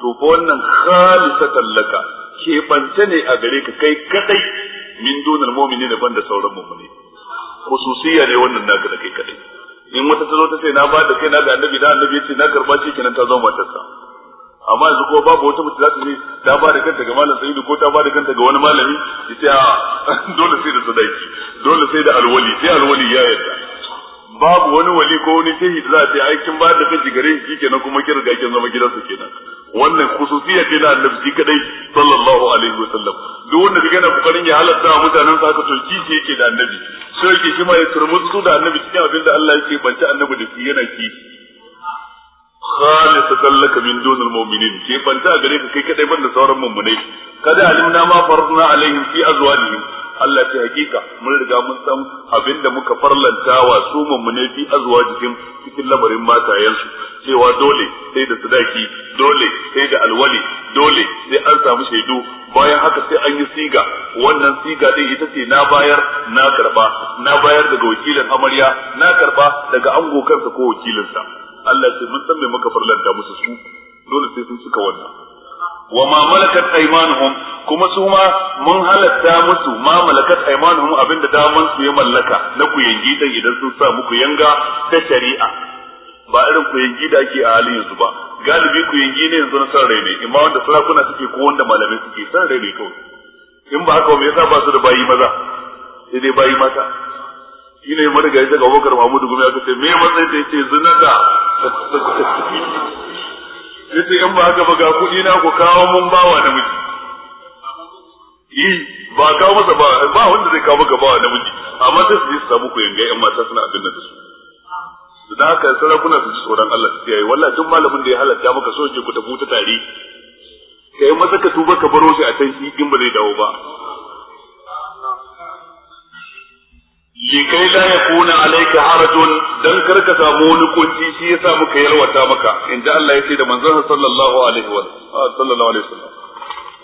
to fa wannan khalisatan laka ke bance ne a gare ka kai kadai min dunal mu'minina banda sauran mu'mini khususiyya ne wannan naka da kai kadai in wata ta zo ta ce na ba da kai na ga annabi da annabi ya ce na karba shi kenan ta zama matarsa amma yanzu ko babu wata mutum za ta ce ta ba da kanta ga malam sa'idu ko ta ba da kanta ga wani malami ita dole sai da sadaki dole sai da alwali sai alwali ya yarda babu wani wali ko wani shehi da za a ce ai kin ba da kaji gare shi kenan kuma kin riga kin zama gidansa kenan wannan khususiyya ce na annabi kadai sallallahu alaihi wa sallam duk wanda kaga na kokarin ya halatta wa mutanen sa ka to shi yake da annabi so yake shi ma ya turmutsu da annabi cikin abin da Allah yake banci annabi da shi yana ki. tallaka min dunul mu'minin ke banta gare ka kai kadai banda sauran مؤمنين kada alimna ma فرضنا alaihim fi azwajihim Allah ce hakika mun riga mun san abin da muka farlanta wa su mummune fi azwajihim cikin lamarin matayensu cewa dole sai da sadaki dole sai da alwali dole sai an samu shaidu bayan haka sai an yi siga wannan siga din ita ce na bayar na karba na bayar daga wakilin amarya na karba daga ango kansa ko wakilinsa Allah ce mun san me muka farlanta musu su dole sai sun cika wannan wa ma malakat aymanuhum kuma su ma mun halatta musu ma malakat aymanuhum abinda daman su ya mallaka na ku yangi dan idan sun sa muku yanga ta shari'a ba irin ku yangi da ake a halin yanzu ba galibi ku yangi ne yanzu na san rai ne imma wanda sarakuna suke ko wanda malamai suke san rai ne to in ba haka me yasa ba su da bayi maza sai dai bayi mata shi ne marigayi daga Abubakar Mahmud Gumi aka ce me matsayin da yace zina yace in ba haka ba ga kuɗi na ku kawo mun bawa namiji yi ba kawo masa ba ba wanda zai kawo maka bawa namiji amma sai su yi su samu ku yanga yan mata suna abin da su da haka sarakuna su ji tsoron Allah su yayi wallahi duk malamin da ya halatta maka so yake ku tafi ta tare kai masa ka tuba ka baro shi a can in ba zai dawo ba likai la yakuna alayka harajun dan ka samu wani kunci shi ya yasa muka yalwata maka inda Allah ya ce da manzon sallallahu alaihi wa sallallahu alaihi wasallam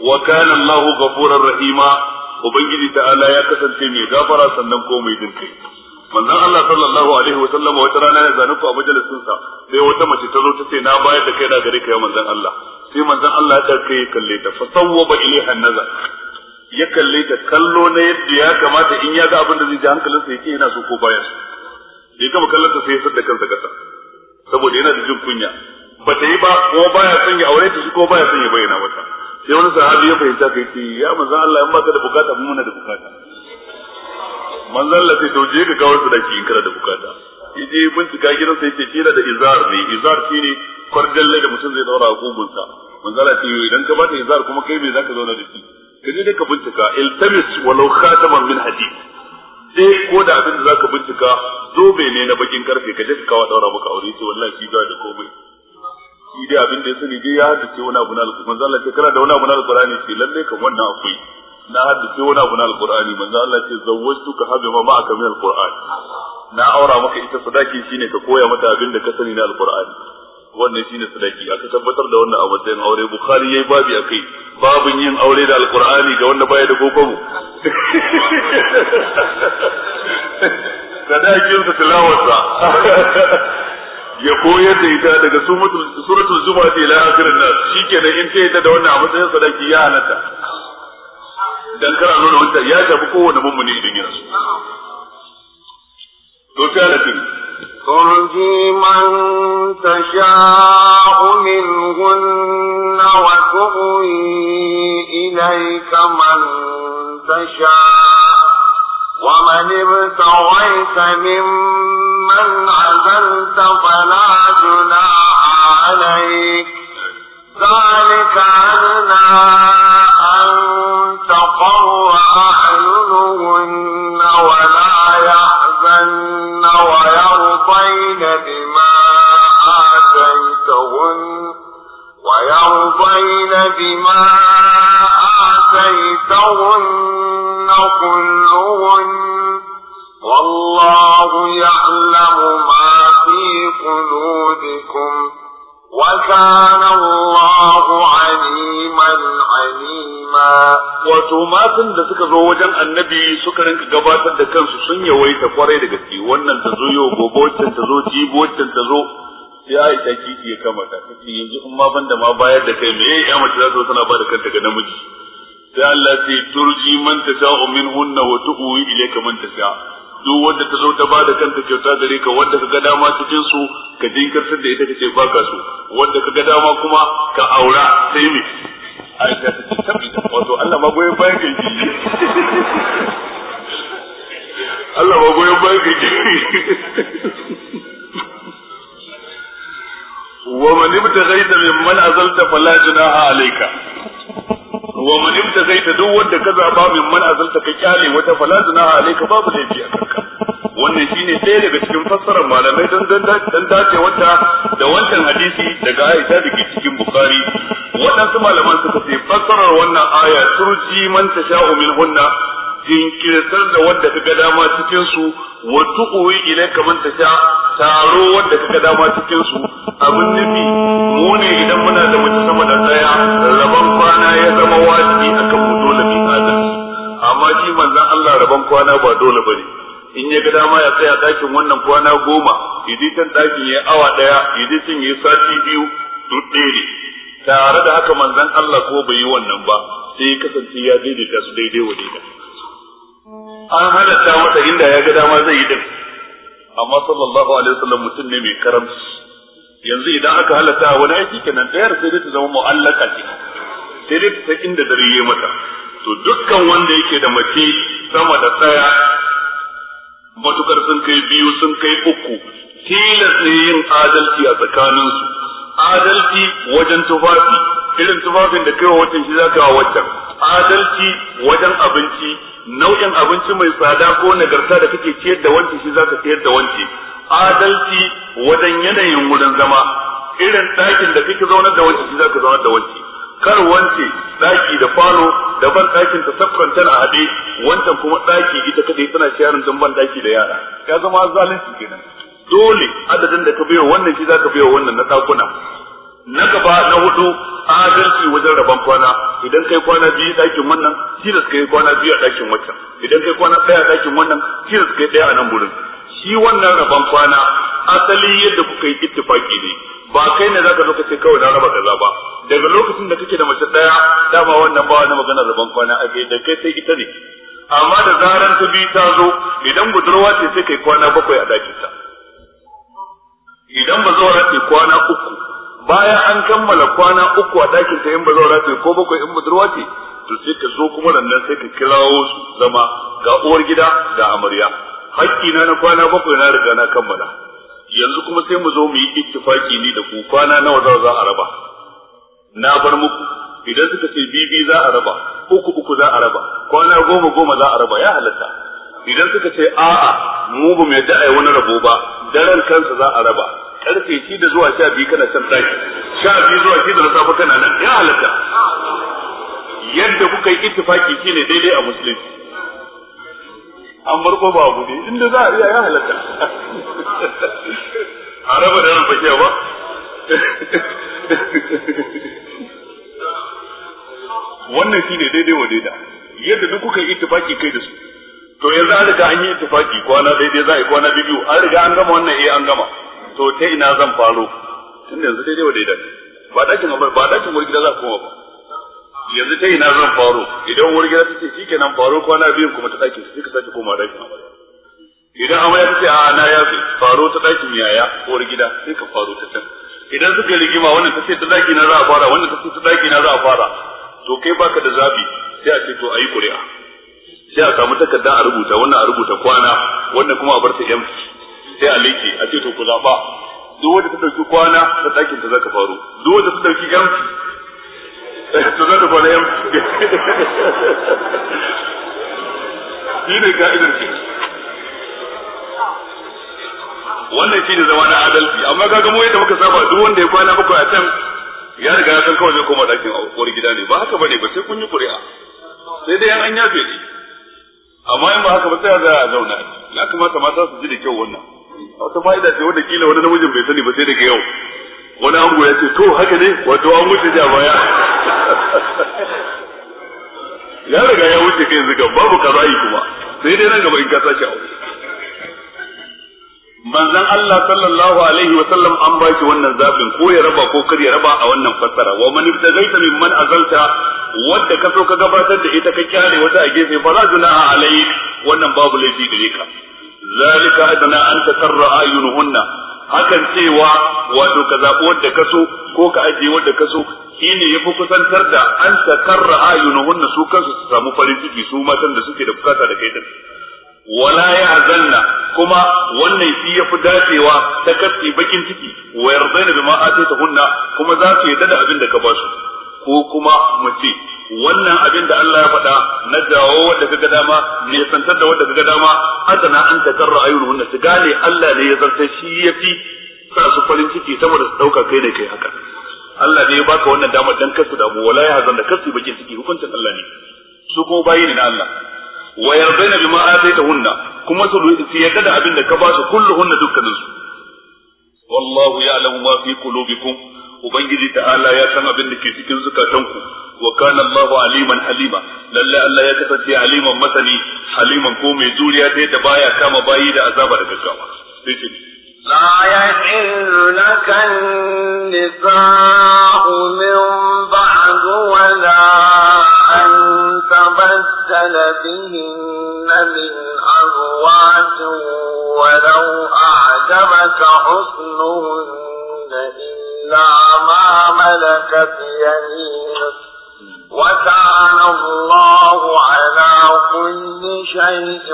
wa kana Allahu ghafurur rahima ubangiji ta'ala ya kasance mai gafara sannan ko mai dinkai manzon Allah sallallahu alaihi wa sallam wata rana ya zanu ku a majalisin sa sai wata mace ta zo ta ce na bayar da kai na gare ka ya manzon Allah sai manzon Allah ya ce kai kalle ta fa sawwaba ilaiha nazar ya kalle ta kallo na yadda ya kamata in ya ga abin da zai ji sa yake yana so ko baya so bai gama kallon sa sai ya sadda kansa kasa saboda yana da jin kunya ba ta yi ba ko baya son ya aure ta shi ko baya son ya bayyana mata sai wani sahabi ya fahimta kai ce ya zan Allah in baka da bukata mun muna da bukata Man Allah sai tauje ka kawo su daki in kana da bukata yaje bincika sa yace kila da izar ne izar shine kwardalle da mutum zai daura a Man manzon Allah ce idan ka bata izar kuma kai me zaka zauna da shi ka je ka bincika iltamis walau khataman min hadid sai ko da abin da zaka bincika zobe ne na bakin karfe ka je ka kawo daura maka aure sai wallahi shi da komai shi dai abin da ya sani dai ya haddace wani abu na alƙur'ani manzo Allah ce kana da wani abu na alƙur'ani ce lalle kan wannan akwai na haddace wani abu na alƙur'ani manzo Allah ce zawwajtuka ma ma'aka min alƙur'ani na aura maka ita sadaki shine ka koya mata abin da ka sani na alƙur'ani wannan shine sadaki aka tabbatar da wannan a matsayin aure bukhari yayi babi akai babin yin aure da alqur'ani ga wanda baya da gogobo sadakin sa tilawarsa ya koyar da ita daga suratul zuma ta ila akhirin nas shikenan in ta yadda da wannan a matsayin sadaki ya halatta dan kar a nuna wancan ya tafi kowane mummuni idan ya rasu to ta ترجي من تشاء منهن وتغوي إليك من تشاء ومن ابتغيت ممن عزلت فلا جناح عليك بما آتيتهن كلهن والله يعلم ما في قلوبكم وكان الله عليما عليما wato matan da suka zo wajen annabi suka rinka gabatar da kansu sun yawaita kwarai da gaske wannan ta zo yau gobe waccan ta zo jibi waccan ta zo sai Aisha taki ya kama ta kace yanzu in ma da ma bayar da kai me ya mace za ta tana ba da kanta ga namiji sai Allah ce turji man min hunna wa tu'wi ilayka man sha duk wanda ta zo ta ba da kanta kyauta gare ka wanda ka ga dama cikin su ka jinkirtar da ita kace baka so wanda ka ga dama kuma ka aura sai me Aisha ta ce wato Allah ma goyen bayan kai Allah ma goyen bayan kai ومن ابتغيت ممن أزلت فلا جناح عليك ومن ابتغيت دو ود كذا باب ممن أزلت كيالي وتا فلا جناح عليك باب ليفي wannan shine ɗaya daga cikin fassarar malamai don dan dace wata da wancan hadisi daga Aisha da ke cikin Bukhari waɗansu malaman suka ce fassarar wannan aya turji man tasha'u min hunna jinkirtar da wanda kaga dama cikin su wa tu'u ilayka man tasha taro wanda kaga dama cikin su abin nufi mu ne idan muna da mace sama da daya rabon kwana ya zama wajibi akan mu dole bi adalci amma shi manzon Allah rabon kwana ba dole bane in ya ga dama ya tsaya dakin wannan kwana goma yaje can dakin ya awa daya yaje sun yi sati biyu duk tare da haka manzan Allah ko bai yi wannan ba sai kasance ya daidaita su daidai wa daidai an halatta masa inda ya ga dama zai yi din amma sallallahu alaihi wasallam mutum ne mai karamci yanzu idan aka halatta wani aiki kenan dayar sai dai ta zama mu'allaka ce sai dai ta inda dare ya mata to dukkan wanda yake da mace sama da tsaya matukar sun kai biyu sun kai uku tilas ne yin adalci a tsakaninsu adalci wajen tufafi irin tufafin da kai wacce shi zaka wa waccan adalci wajen abinci nau'in abinci mai tsada ko nagarta da kake ciyar da wancan shi zaka ciyar da wancan. adalci wajen yanayin wurin zama irin ɗakin da kike zaunar da wanci shi ka zaunar da wanci kar wance ɗaki da falo da ban ɗakin ta saffanta a haɗe wancan kuma ɗaki ita kadai tana sharin don ban ɗaki da yara ya zama zalunci kenan dole adadin da ka biyo wannan shi za ka biyo wannan na ɗakuna na gaba na hudu adalci wajen rabon kwana idan kai kwana biyu ɗakin wannan suka kai kwana biyu a ɗakin wancan idan kai kwana ɗaya a ɗakin wannan suka kai ɗaya a nan gurin shi wannan rabon kwana asali yadda kuka yi ittifaki ne ba kai ne zaka zo ka ce kawai na raba kaza ba daga lokacin da kake da mace daya dama wannan ba wani magana rabon kwana a da kai sai ita ne amma da zaran ta bi ta zo idan budurwa ce sai kai kwana bakwai a dakin ta idan bazawara ce kwana uku bayan an kammala kwana uku a dakin ta in bazawara ce ko bakwai in budurwa ce to sai ka zo kuma nan sai ka kirawo su zama ga uwar gida da amarya hakki na na kwana bakwai na riga na kammala yanzu kuma sai mu zo mu yi ittifaki ni da ku kwana nawa za a raba na bar muku idan suka ce bibi za a raba uku uku za a raba kwana goma goma za a raba ya halatta idan suka ce a'a mu ba mai da'ai wani rabo ba daren kansa za a raba karfe shi da zuwa sha biyu kana can tashi sha biyu zuwa da na safe kana nan ya halatta yadda kuka yi ittifaki shine daidai a musulunci an marko ba abu ne inda za a iya ya halatta a raba da ran ba wannan shi ne daidai wa daida yadda duk kuka yi ittifaki kai da su to yanzu an riga an yi ittifaki kwana daidai za a yi kwana biyu an riga an gama wannan eh an gama to ta ina zan faro tun yanzu daidai wa daida ba dakin ba dakin wurgida za a koma ba yanzu ta na zan faro idan uwar gida tace nan faro kwana biyu kuma ta sake sai sake koma dakin idan amma ya tace a na ya faro ta ɗakin yaya wani gida sai ka faro ta can idan suka yi rigima wannan ce ta ɗaki na za a fara wannan ce ta ɗaki na za a fara to kai baka da zabi sai a ce to a yi ƙuri'a sai a samu takarda a rubuta wannan a rubuta kwana wannan kuma a bar ta yan sai a leke a ce to ku zaɓa. duk wanda ta ɗauki kwana ta ɗakin ta zaka faro duk wanda ta ɗauki yan tuzo shi ne ka'idar ke wannan shi ne zama na adalci amma kaga gamo yadda muka saba duk wanda ya kwana bakwai a can ya riga ya san kawai zai koma dakin uwar gida ne ba haka bane ba sai kun yi kuri'a sai dai an yafe ne amma in ba haka ba sai za a zauna ya kamata mata su ji da kyau wannan wata fa'ida ce wanda kila wani namijin bai sani ba sai daga yau wani ango ya ce to haka ne wato an wuce ja baya ya riga ya wuce kai yanzu ga babu kaza'i kuma sai dai nan gaba in ka sake aure manzon Allah sallallahu alaihi wa sallam an ba shi wannan zabin ko ya raba ko kar ya raba a wannan fassara wa man ibtagaita mimman azalta wanda ka so ka gabatar da ita ka kyale wata a gefe fa la junaha alaik wannan babu laifi gare ka zalika adana an takarra ayunuhunna hakan cewa wato ka zaɓi wadda ka so ko ka ajiye wadda ka so shi ne ya fi kusantar da an takarra wannan su kansu su samu farin ciki su matan da suke da bukata da kai wala ya zanna kuma wannan shi ya fi dacewa ta kasi bakin ciki wa yardaina bima hunna kuma za su yarda da abin da ka ba su ko kuma mace wannan abin da Allah ya faɗa na jawo wanda kaga dama ne santar da wanda kaga dama adana an takarra wanda su gane Allah ne ya zarta shi yafi sa su farin ciki saboda su dauka kai ne kai haka Allah ne ya baka wannan damar dan kasu da mu wala ya hazan da kasu bakin ciki hukuncin Allah ne su ko bayi ne na Allah wa yardaina bima hunna kuma su yarda da abin da ka ba su kulluhunna dukkaninsu wallahu ya'lamu ma fi qulubikum ubangiji ta'ala ya san abin da ke cikin zukatanku wa kana Allahu aliman halima lalle Allah ya kasance aliman masani haliman ko mai juriya dai da baya kama bayi da azaba da gaggawa sai ce لا يحل لك النساء من بعد ولا أن تبدل بهن من أزواج ولو أعجبك حسنهن إلا إلا ما ملكت يمينك وكان الله على كل شيء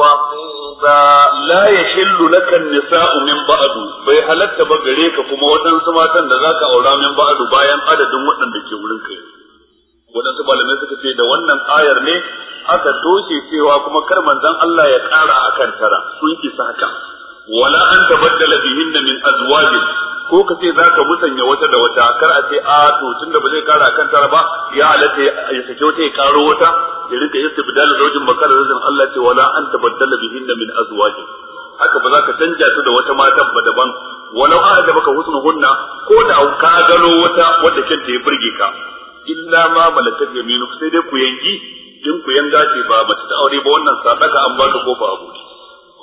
رقيبا لا يحل لك النساء من بعد bai halatta ba gare ka kuma waɗansu matan da zaka aura min ba'adu bayan adadin waɗanda ke malamai suka ce da wannan ayar ne aka toshe cewa kuma kar manzon Allah ya kara akan tara sun isa haka wala an tabaddala bihinna min azwajin ko ka ce za ka musanya wata da wata kar a ce a ah, to tun da ba zai kara kan tara ba ya halatta ya sake wata ya karo wata ya rika da zaujin bakar rizin Allah ce wala an da bihin da min azwaji haka ba za ka canja ta da wata mata ba daban walau a da baka hunna ko da ka gano wata wanda kinta ya burge ka illa ma malakat yaminu sai dai ku yanki in ku yanga ce ba mace ta aure ba wannan sadaka an baka kofa aboki.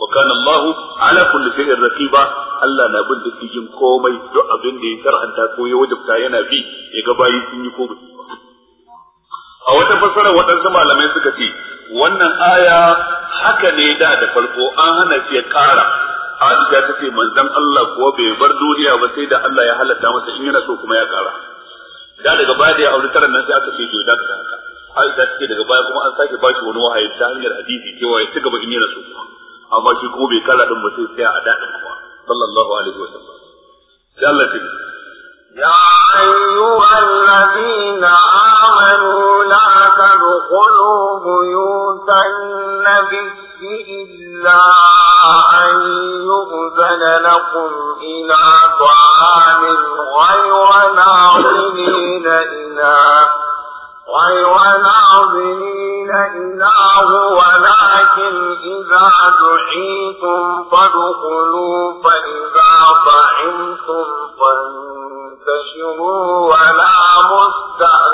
wa kana Allahu ala kulli shay'in raqiba Allah na bin diddigin komai duk abin da ya karanta ko ya wajabta yana bi ya ga bayi sun yi ko ba a wata fassara waɗansu malamai suka ce wannan aya haka ne da da farko an hana shi kara Aisha ta ce manzan Allah kuwa bai bar duniya ba sai da Allah ya halatta masa in yana so kuma ya kara da daga baya da ya auri nan sai aka ce to da haka Aisha ta ce daga baya kuma an sake ba shi wani wahayi ta hanyar hadisi cewa ya ci gaba in yana so kuma amma shi ko bai kala din ba sai tsaya a daɗin kuma sallallahu alaihi wasallam sai Allah ya يا أيها الذين آمنوا لا تدخلوا بيوت إلا أن يؤذن لكم إلى طعام غير ناظرين إله غير ناظرين إله ولكن إذا دعيتم فادخلوا فإذا طعمتم فانتشروا ولا مستأذن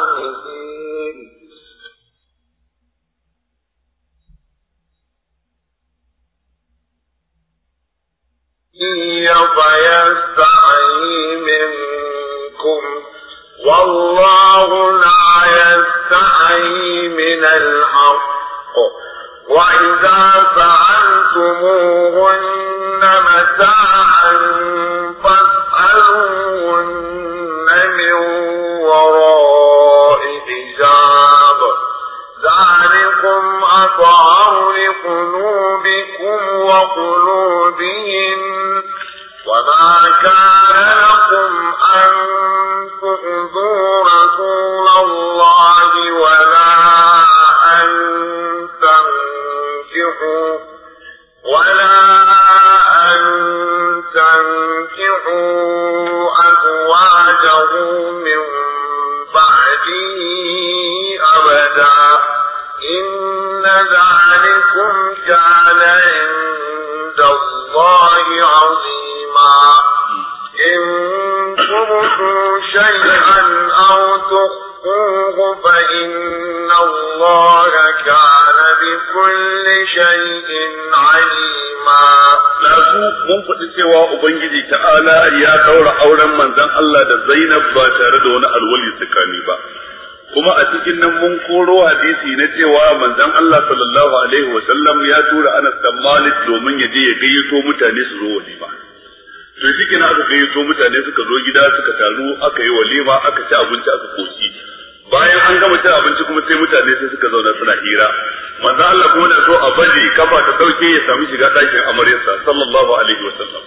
shiga ɗakin amaryarsa sallallahu alaihi wa sallam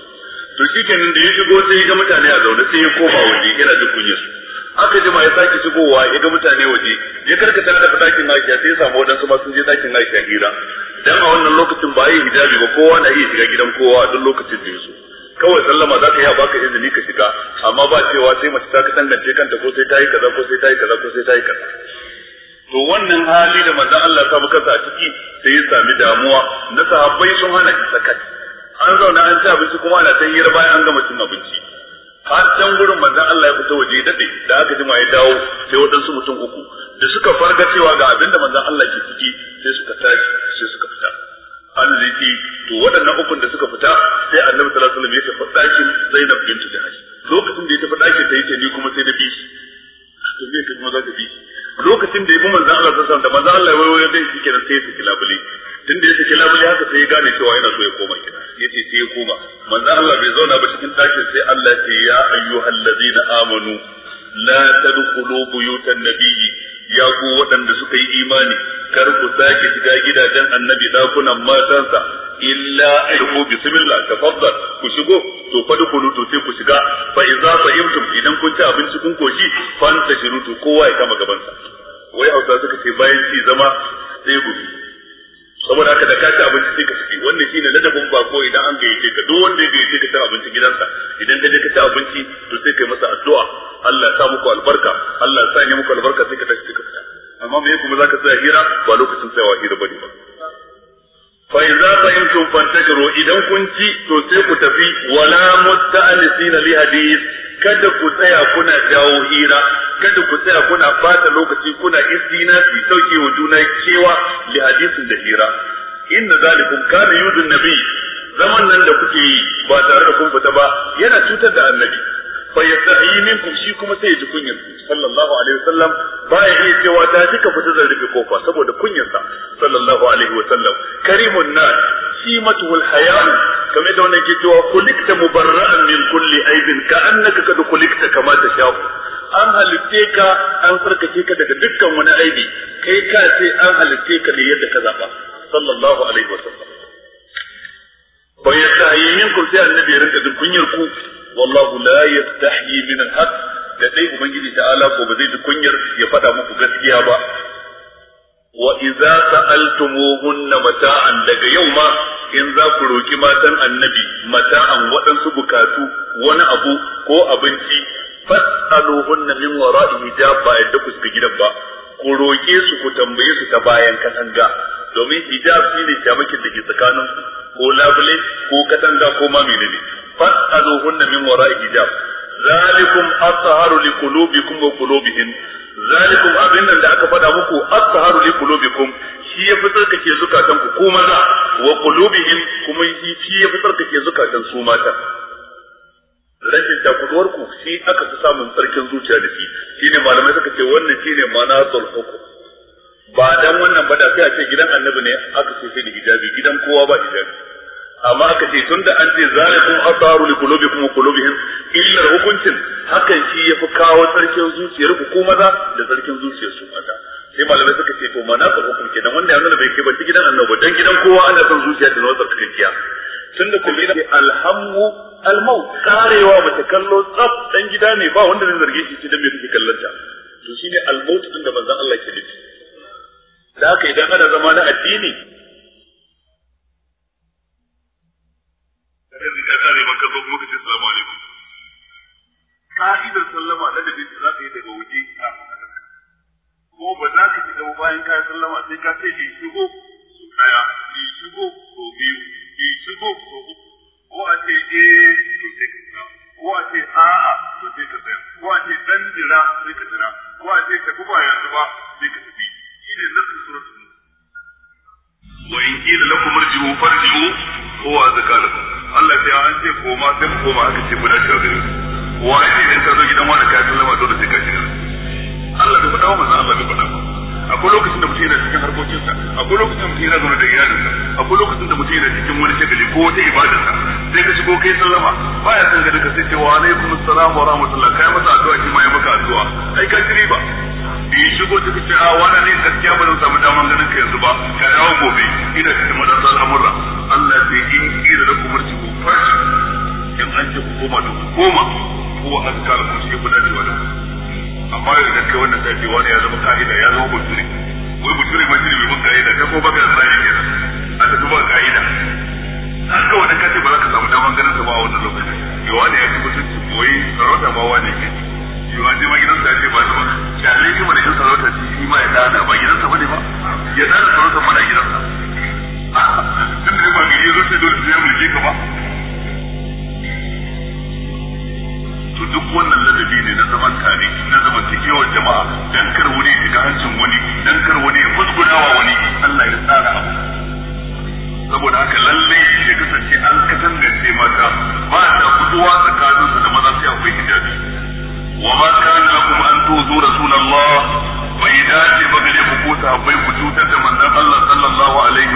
to shi da ya shigo sai ya ga mutane a zaune sai ya koma waje yana da kunya su aka jima ya saki shigowa ya ga mutane waje ya karkata da ɗakin Aisha sai ya samu wadansu ma sun je ɗakin Aisha hira dan a wannan lokacin ba yi hijabi ba kowa na iya shiga gidan kowa a duk lokacin da yaso kawai sallama za ka yi baka izini ka shiga amma ba cewa sai mace ta ka tangance kanta ko sai ta yi kaza ko sai ta yi kaza one gidajen annabi dakunan matansa illa ayyuhu bismillah tafaddal ku shigo to fa dukulu to sai ku shiga fa idza fa'imtum idan kun ci abinci kun koshi fa shiru to kowa ya kama gaba kuna bata lokaci kuna istina fi sauke wa juna cewa li hadisin da hira inna zalikum kana yudun nabi zaman nan da kuke yi ba tare da kun fita ba yana cutar da annabi fa yastahi minkum shi kuma sai ya ji kunyar sallallahu alaihi wasallam ya iya cewa ta kika fita zan rufe kofa saboda sa. sallallahu alaihi wasallam karimun nas قيمته الحياة كما يدعون يجدوا خلقت مبرأ من ka عيب كأنك kamar خلقت كما تشاء an sarkace ka daga dukkan wani aibi kai ka ce an halitte ka ne yadda ka zaba sallallahu alaihi wasallam fa yastahi minkum sai annabi rinka jin kunyar ku wallahu la yastahi min al da dai ubangiji ta'ala ko ba zai ji kunyar ya faɗa muku gaskiya ba wa idza sa'altumuhunna mata'an daga yau ma in za ku roki matan annabi mata'an waɗansu bukatu wani abu cikin zukatan su mata rashin takuduwar ku shi aka fi samun sarkin zuciya da shi shine malamai suka ce wannan shine mana zulfuku ba dan wannan ba da sai a ce gidan annabi ne aka ce sai da hijabi gidan kowa ba hijabi amma aka ce tunda an ce zalikum asaru li qulubikum wa qulubihim illar hukuncin hakan shi yafi kawo sarkin zuciyar ku ko maza da sarkin zuciyar su mata sai malamai suka ce to mana ka kenan wannan ya nuna bai ke ba gidan annabi dan gidan kowa ana son zuciya da nawar tsarkakiya tunda kuma yana alhamu almau karewa mace kallo tsaf dan gida ne ba wanda zai zarge shi idan bai kake kallon ta to shine almaut din da manzon Allah ke nufi da haka idan ana zama na addini ka'idar sallama na da bisa za ka yi daga waje ko ba za ka shiga bayan ka sallama sai ka ce shigo su daya shigo to biyu ki shigo ko ko a ce eh to sai ka tsaya ko a ce a'a to sai ka tsaya ko a ce dan jira sai ka jira ko a ce tafi ba yanzu ba sai ka tafi shine nasu suratul wa in qila lakum irji'u farji'u huwa azka lakum Allah ya an ce koma sai koma aka ce guda shiga gare wa ne idan ka zo gidan wani kafin lama dole sai ka shiga Allah da faɗa wa manzo Allah bai faɗa akwai lokacin da mutum yana cikin harkokinsa akwai lokacin da mutum yana zaune da iyalinsa akwai lokacin da mutum yana cikin wani shagali ko wata ibadarsa sai ka shigo kai sallama ba ya san ga duka sai ce wa alaikum assalam wa rahmatullah kai masa addu'a shi ma ya maka addu'a ai ka ci ba bi eh, shigo cikin ce a wani ne gaskiya ba zan samu daman ganin ka yanzu ba ka dawo gobe ina cikin madarsa amurra Allah ya ce in kira da kuma ci ku farci in an ce ku koma da ku koma ko an kara ku shi ku dacewa da ku amma yau da kai wannan sai wani ya zama ka'ida ya zama buturi wai buturi ma shine bai ka'ida kai ko baka da tsari kenan a ta duba ka'ida har ka wani kace ba za ka samu daman ganin sa ba a wannan lokacin yau wani ya ci mutunci wai sarauta ma wani ke yau jima gidan sa ce ba da Ya kyale shi mana in sarauta ci shi ma ya dana ba gidan sa ne ba ya dana sarauta mana gidan sa tun da ba gari ya zo sai dole sai ya mulke ka ba to duk wannan ladabi ne na zaman tare na zaman tikewar jama'a dan kar wani shiga hancin wani dan kar wani ya kuskurawa wani Allah ya tsara abu saboda haka lalle ya kasance an katangance mata ba ta fitowa tsakanin su da maza sai akwai hijabi wa ma kana lakum an tuzu rasulullah bai dace ba gare ku ko ta bai ku cutar da manzon Allah sallallahu alaihi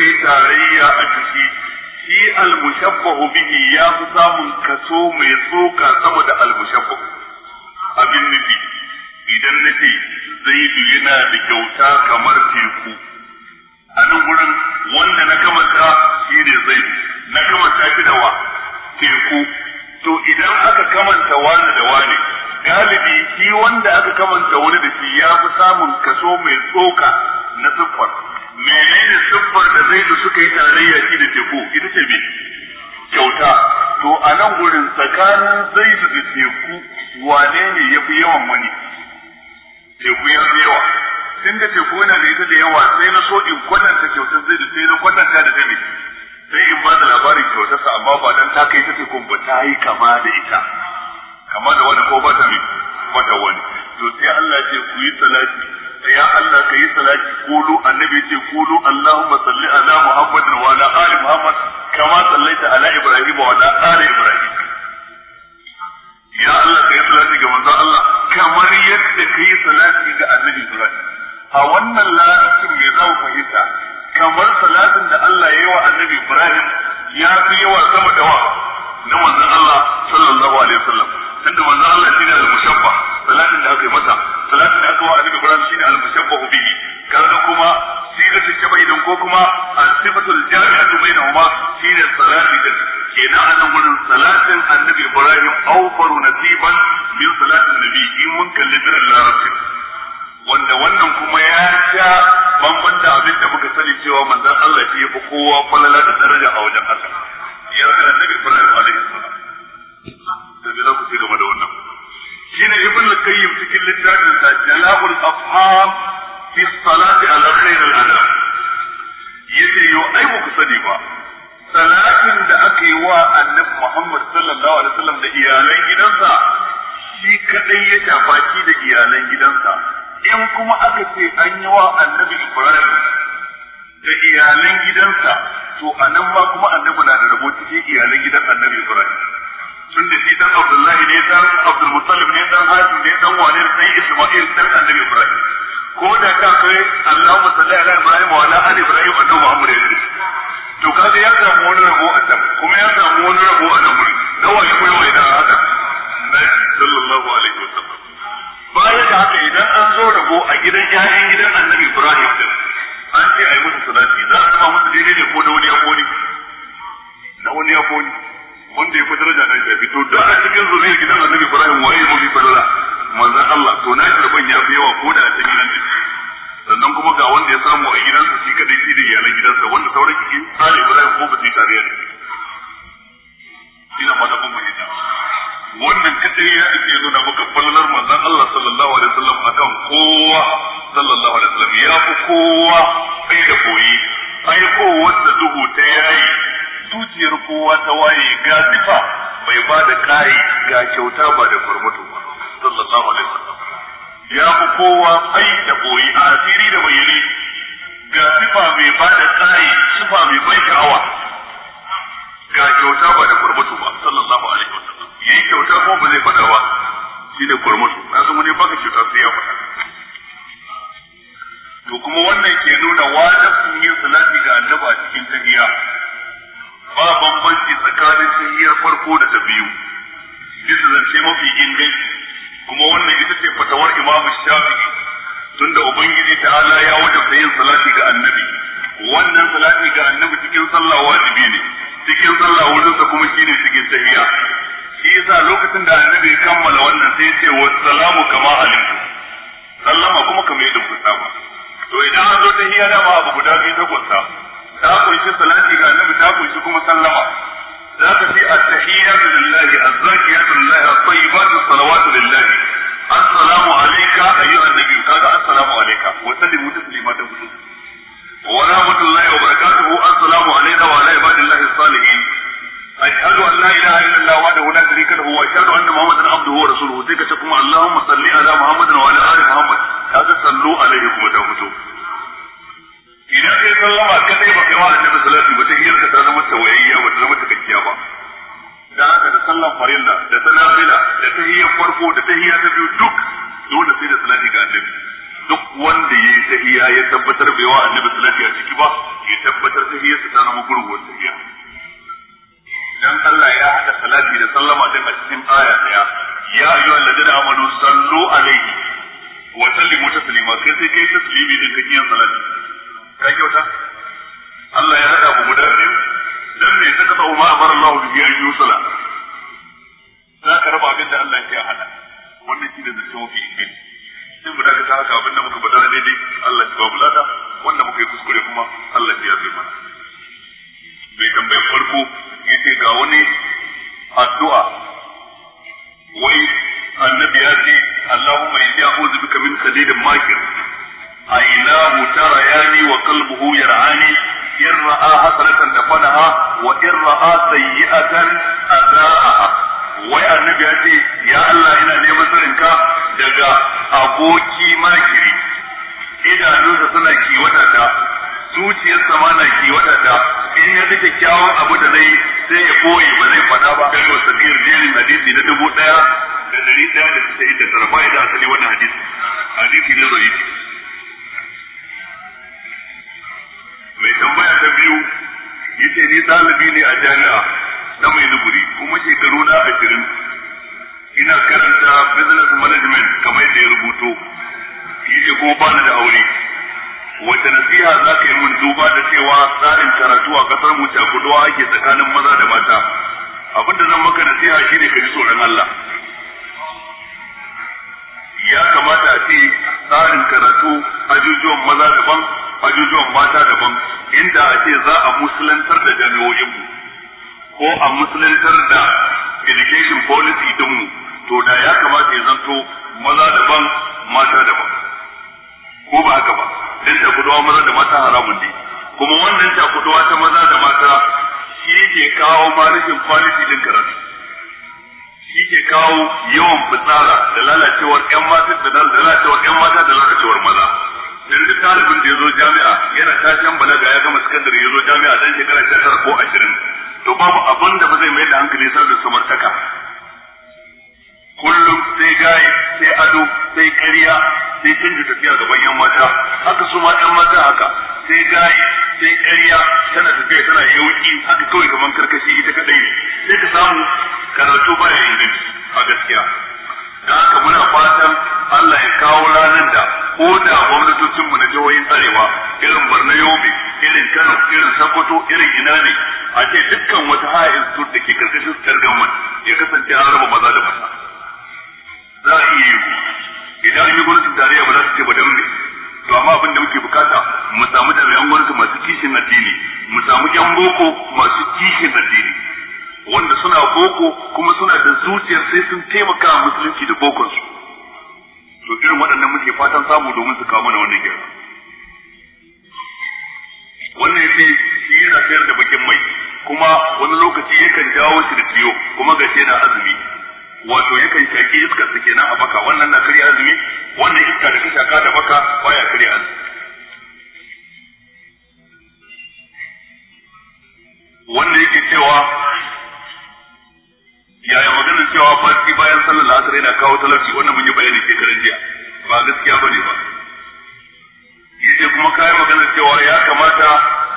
suka yi tarayya a jiki shi al-mushabbahu bihi ya fi samun kaso mai tsoka sama da al abin nufi idan na ce zaidu yana da kyauta kamar teku a nan gurin wanda na kamata shi ne zaidu na kamata shi da wa teku to idan aka kamanta wani da wani galibi shi wanda aka kamanta wani da shi ya fi samun kaso mai tsoka na siffar menene siffar da zaidu suka yi tarayya shi da teku ita ce be? kyauta to a nan gurin tsakanin zaidu da teku wane ne ya fi yawan wani teku ya fi yawa tun da teku yana da ita da yawa sai na so in kwatanta kyautar da sai na kwatanta da ta me sai in ba da labarin kyautarsa amma ba dan ta kai ta tekun ba ta yi kama da ita kama da wani ko ba ta mai ba ta wani to sai Allah ce ku yi salati ya Allah ka yi salati kulu annabi ce kulu Allahumma salli ala Muhammadin wa ala ali Muhammad kama sallaita ala Ibrahim wa ala ali Ibrahim ya Allah ka yi salati ga manzon Allah kamar yadda ka yi salati ga annabi Ibrahim a wannan larabcin me za fahimta kamar salatin da Allah ya yi wa annabi Ibrahim ya fi yawa sama da wa na manzon Allah sallallahu alaihi wasallam tunda manzon Allah shine al-mushabba salatin da aka yi masa salatin da aka wa annabi Ibrahim shine al-mushabbahu bihi kaga kuma sigatul idan ko kuma as-sifatul jami'atu bainahuma shine salati da kenan anan gurin salatin annabi Ibrahim awfaru nasiban min salatin nabi in mun kalli biran larabci wanda wannan kuma ya sha bamban da abin da muka sani cewa manzon Allah ya fi kowa falala da daraja a wajen Allah ya annabi Ibrahim alaihi salam da me za ku ce game da wannan shine ibn al-qayyim cikin littafin sa jala'ul afham fi salati ala al-anam yace yo ai ba ku sani ba salatin da aka yi wa annabi Muhammad sallallahu alaihi wasallam da iyalan gidansa shi kaɗai ya shafa shi da iyalan gidansa in kuma aka ce an annabi Ibrahim da iyalan gidansa to anan ma kuma annabi na da rabo cikin iyalan gidan annabi Ibrahim dan wane sai Isma'il dan Annabi Ibrahim ko da ka kai Allahumma salli ala Ibrahim wa ala ali Ibrahim dawu Muhammad ya ce to kaga ya mu wani rabo a can kuma ya mu wani rabo a nan gurin nawa ya koyo idan haka sallallahu alaihi wasallam bayan da haka idan an zo rabo a gidan yayin gidan Annabi Ibrahim din an ce ayi musu salati za a zama musu daidai ne ko da wani ni na wani aboni wanda ya fi daraja na shafi fito da a cikin zuriyar gidan Annabi Ibrahim waye mu bi balala manzan Allah to na karban ya fi yawa ko da a cikin jiki? sannan kuma ga wanda ya samu a gidansa shi kadai shi da iyalan gidansa wanda sauran kike tsare ba za ko ba su yi da ina fata kun wannan kadai ya ake nuna maka falalar manzan Allah sallallahu alaihi wasallam akan kowa sallallahu alaihi wasallam ya fi kowa sai da koyi aikowar da duhu ta yayi zuciyar kowa ta waye ga sifa bai ba da kai ga kyauta ba da farmato ba sallallahu alaihi wasallam ya fi kowa ai da boyi a asiri da bayyane ga sifa mai ba da kai sifa mai bai sha'awa ga kyauta ba da kurmutu ba sallallahu alaihi wasallam yayi kyauta ko ba zai fada ba shi da kurmutu na san wani baka kyauta sai ya fada to kuma wannan ke nuna wajibin yin salati ga annabi a cikin tahiyya ba bambanci tsakanin tahiyyar farko da ta biyu bisa zance mafi inganci kuma wannan ita ce fatawar Imam Shafi'i tunda ubangiji ta'ala ya wajaba yin salati ga annabi wannan salati ga annabi cikin sallah wajibi ne cikin sallah wurin sa kuma shine cikin tahiyya shi yasa lokacin da annabi ya kammala wannan sai ya ce wa salamu kama alimtu sallama kuma kamar yadda kuka saba to idan an zo tahiyya dama abu guda biyu ta kunsa ta kunshi salati ga annabi ta kunshi kuma sallama ذاك في التحيات لله الزاكيات لله الطيبات الصلوات لله السلام عليك ايها النبي قال السلام عليك وسلموا تسليما تقول ورحمة الله وبركاته السلام علينا وعلى عباد الله الصالحين أشهد أن لا إله إلا الله وحده لا شريك له وأشهد أن محمدا عبده ورسوله تلك اللهم صل على محمد وعلى آل محمد هذا صلوا عليه وسلموا idan kai sallama ka sai ba kai wa annabi salatu ba ta hiyar ka zama tawayayya ba ta zama takakkiya ba da aka da sallan farilla da ta nafila da ta hiyar farko da ta hiyar ta biyu duk dole sai da salati ga annabi duk wanda ya yi ta hiya ya tabbatar bai wa annabi salati a ciki ba ya tabbatar sai gayi sai ƙarya tana tafiya tana yauki haka kawai kamar karkashi ita kadai sai ka samu karatu baya inganci a gaskiya da haka muna fatan Allah ya kawo ranar da ko da gwamnatocinmu na jihohin arewa irin Borno Yobe irin Kano irin Sokoto irin ina ne a ce dukkan wata ha'in su da ke karkashin targaman ya kasance an raba maza da mata za a iya yi idan yi gwamnatin tarayya ba za su ce ba dan ne to amma abin da muke bukata mu samu jami'an gwamnati masu kishin addini mu samu yan boko masu kishin addini wanda suna boko kuma suna da zuciyar sai sun taimaka musulunci da bokonsu to irin waɗannan muke fatan samu domin su kawo mana wannan gyara wannan yake shi yana sayar da bakin mai kuma wani lokaci yakan jawo shi da ciwo kuma gashi yana azumi wato yakan shaki iskar sa kenan a baka wannan na karya azumi wannan iska da ka da baka baya karya an wanda yake cewa yaya maganar cewa farki bayan sallar la'asar yana kawo talauci wannan mun yi bayani shekaran jiya ba gaskiya ba ne ba yace kuma kayan maganar cewa ya kamata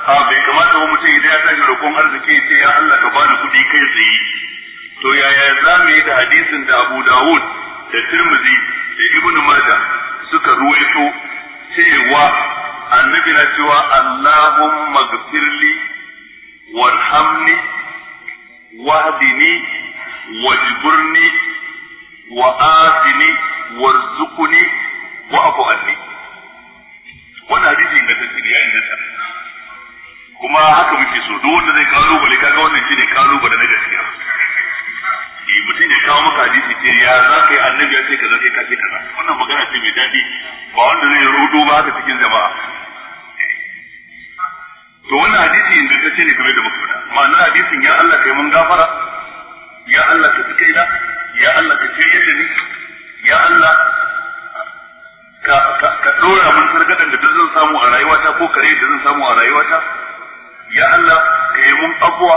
a bai kamata ba mutum idan ya tashi roƙon arziki ce ya Allah ka bani kuɗi kai tsaye to yaya za mu yi da hadisin da Abu Dawud da turmuzi? shi Ibn majah suka ruwaito cewa annabi na cewa allahumma gfirli warhamni wahdini wajburni afini warzuqni afu anni wannan hadisi ingantacce cikin yayin inganta kuma haka muke so duk wanda zai ne kaga wannan shine da na gaskiya shi mutum ya kawo maka hadisi ce ya za ka yi annabi ya ce kaza kai ka ce kaza wannan magana ce mai daɗi ba wanda zai rudo ba haka cikin jama'a to wannan hadisi inda ta ce ne kamar da muka faɗa ma'anar hadisin ya Allah kai mun gafara ya Allah ka fi da? ya Allah ka shirye da ni ya Allah ka ka dora mun targadan da zan samu a rayuwata ko kare da zan samu a rayuwata ya Allah ka yi mun abuwa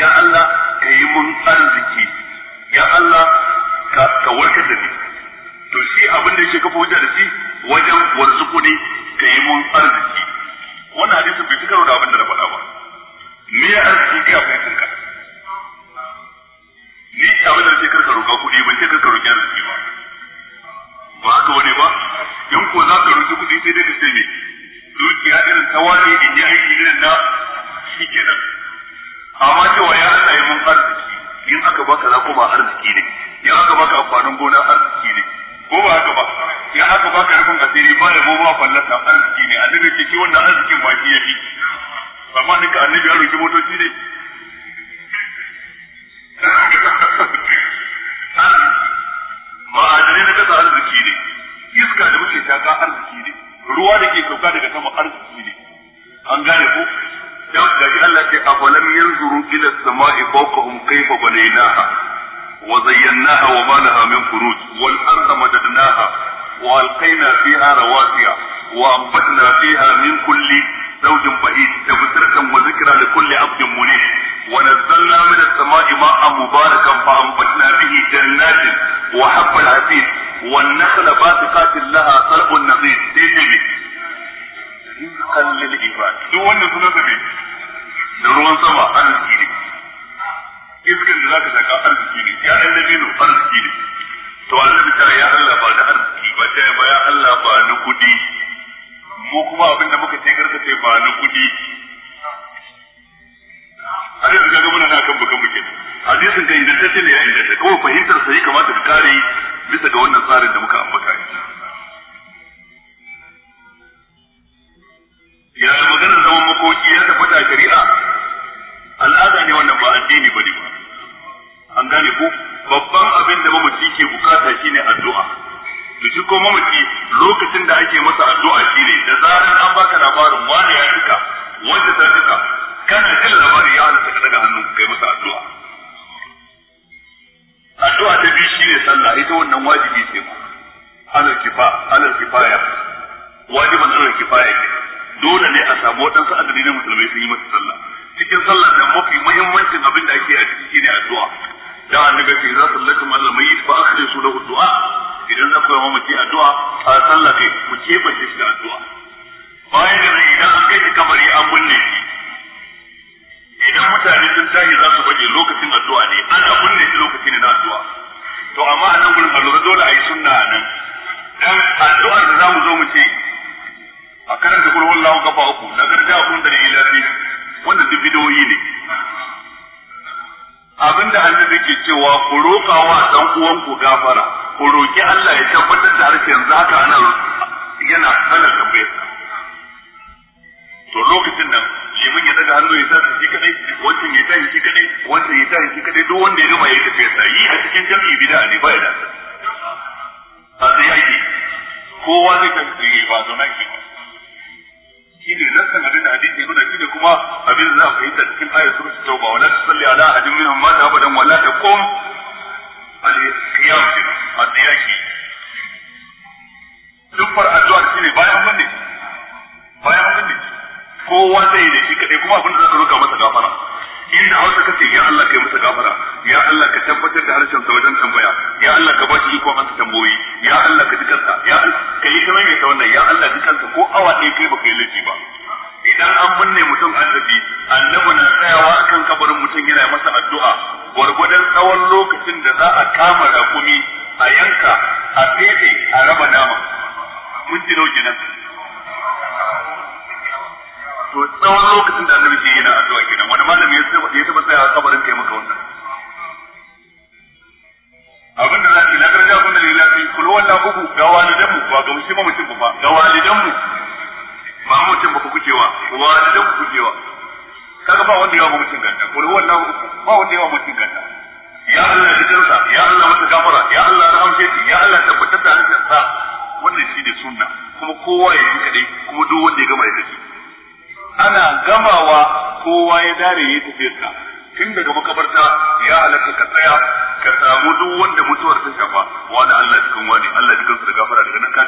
ya Allah ka yi mun arziki ya Allah ka warkar da ni to shi abin da yake ka hujja da shi wajen kuɗi ka yi mun arziki wannan hadisin bai cika da abin da na faɗa ba me arziki ga ku roƙa wa dan uwan ku gafara ku roƙi Allah ya tabbatar da harshe yanzu haka ana yana sana tambayar to lokacin nan mun ya daga hannu ya sa shi kadai wancan ya tashi shi kadai wancan ya tashi shi kadai duk wanda ya gama ya tafi sa yi a cikin jami'i bida ne ba ya da a sai yaki kowa zai tafi yi ba zauna ki shi ne nassan abin da hadisi nuna shi ne kuma abin da za a fahimta cikin ayat surat tauba wala tusalli ala ahadin minhum da abadan wala taqum al-qiyam al-diyaki dukkan addu'ar shi ne bayan manne bayan manne kowa zai da shi kaɗai kuma abin da zaka roka masa gafara inda hausa kace ya Allah kai masa gafara ya Allah ka tabbatar da harshen sa wajen tambaya ya Allah ka shi iko masa tamboyi ya Allah ka dukansa ya Allah kai kana mai ta wannan ya Allah dukansa ko awa ɗaya kai baka yi laifi ba idan an binne mutum annabi annabi na tsayawa kan kabarin mutum yana masa addu'a gwargwadon tsawon lokacin da za a kama rakumi a yanka a fefe a raba nama mun ji nauki nan to tsawon lokacin da annabi ke yana addu'a kenan wani malami ya taba tsayawa kabarin kai maka wannan abin da za ki na gargajiya kun da lilafi kulwallahu ga mu ba ga musulman mutum ba ga mu mamacin ba ku wa walidan ku gujewa kaga ba wanda yawa mamacin ganta ko wallahu ba wanda yawa mamacin ganta ya Allah ya tsara ya Allah masa gafara ya Allah ya hamshe shi ya Allah tabbatar da hanin sa wannan shi ne sunna kuma kowa ya yi kadai kuma duk wanda ya gama ya tafi ana gamawa kowa ya dare ya tafi ka tun daga makabarta ya halaka ka tsaya ka samu duk wanda mutuwar ta shafa wani Allah cikin wani Allah cikin su da gafara daga nan ka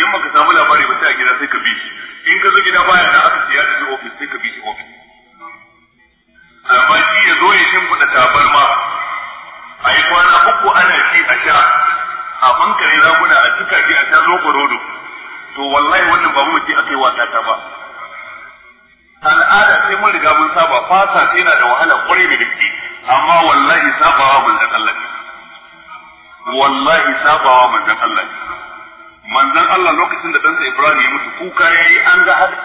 in baka samu labari ba sai a gida sai ka bi shi in ka zo gida baya na aka siya ya tafi ofis sai ka bi shi ofis amma shi ya zo ya shimfiɗa tabarma a yi kwana uku ana ci a sha a bankare da a cika shi a sha zoɓa rodo to wallahi wannan ba mu ce aka yi wata ta ba al'ada sai mun riga mun saba fasa sai na da wahala kwarai da gaske amma wallahi sabawa manzon Allah ne wallahi sabawa manzon Allah ne manzon Allah lokacin da sa Ibrahim ya mutu kuka yayi and the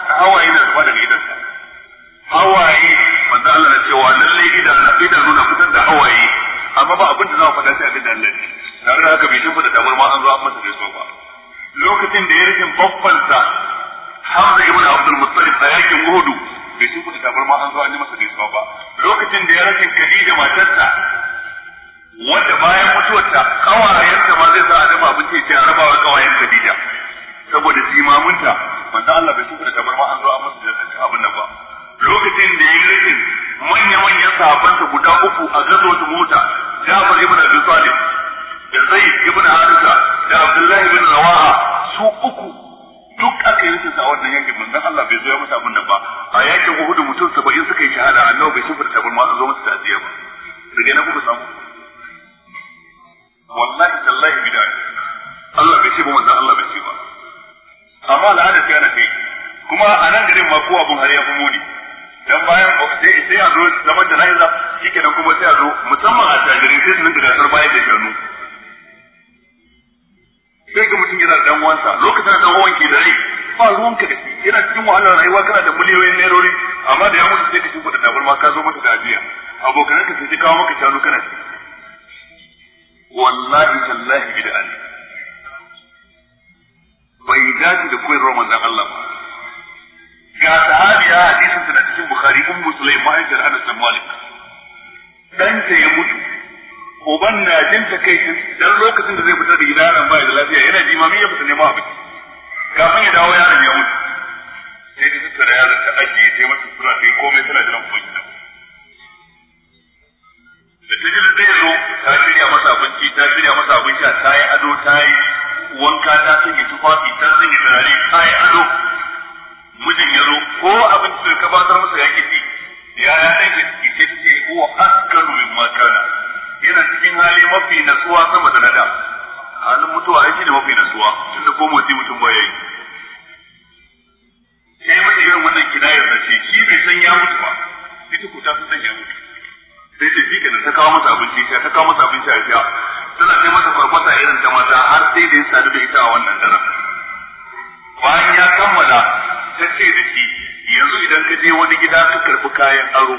idan ka je wani gida ka karbi kayan aro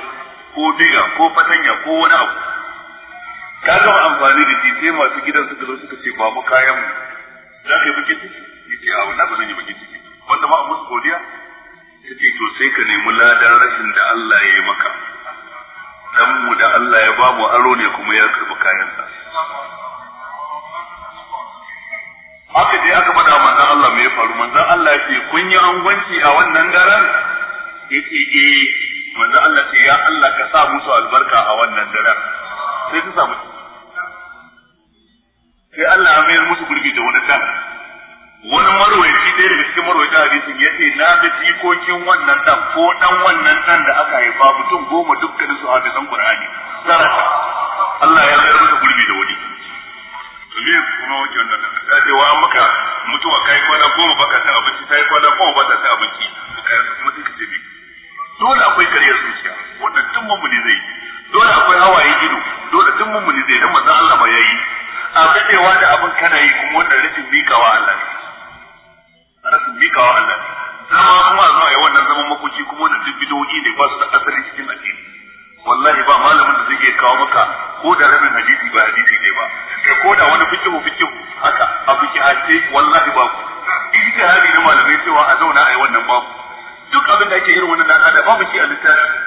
ko diga ko fatanya ko wani abu ka gama amfani da shi sai masu gidan suka zo suka ce mu kayan mu za ka yi bakin ciki ya ce a wannan ba zan yi bakin ciki wanda ma a musu godiya ta ce to sai ka nemi ladan rashin da Allah ya yi maka dan mu da Allah ya mu aro ne kuma ya karbi kayansa aka je aka faɗa manzan Allah mai ya faru manzan Allah ya ce kun yi angwanci a wannan garan yace eh manzo Allah ce ya Allah ka sa musu albarka a wannan daren sai ta samu sai Allah ya mayar musu gurbi da wani dan wani marwayi ɗaya daga cikin marwayi hadisin ya ce na ga jikokin wannan dan ko dan wannan dan da aka haifa mutum goma dukkanin su hadisan Qur'ani sarata Allah ya mayar musu gurbi da wani me kuma wace wannan ta ce wa maka mutuwa kai kwana goma baka san abinci kai kwana goma baka san abinci kuma sai ka ce dole akwai kariyar zuciya wannan mun mummuni zai dole akwai hawaye ido dole mun mummuni zai dan manzo Allah ba yayi a kadewa da abin kana yi kuma wannan rashin mikawa Allah ne rashin mikawa Allah ne zama kuma zuwa yi wannan zaman makuci kuma wannan duk bidoyi ne ba su da asali cikin addini wallahi ba malamin da zai kawo maka ko da rabin hadisi ba hadisi ne ba kai ko da wani fikihu fikihu haka a fikihace wallahi ba ku ijtihadi na malamai cewa a zauna a yi wannan babu duk abin da ake irin wannan dan da babu shi a littafi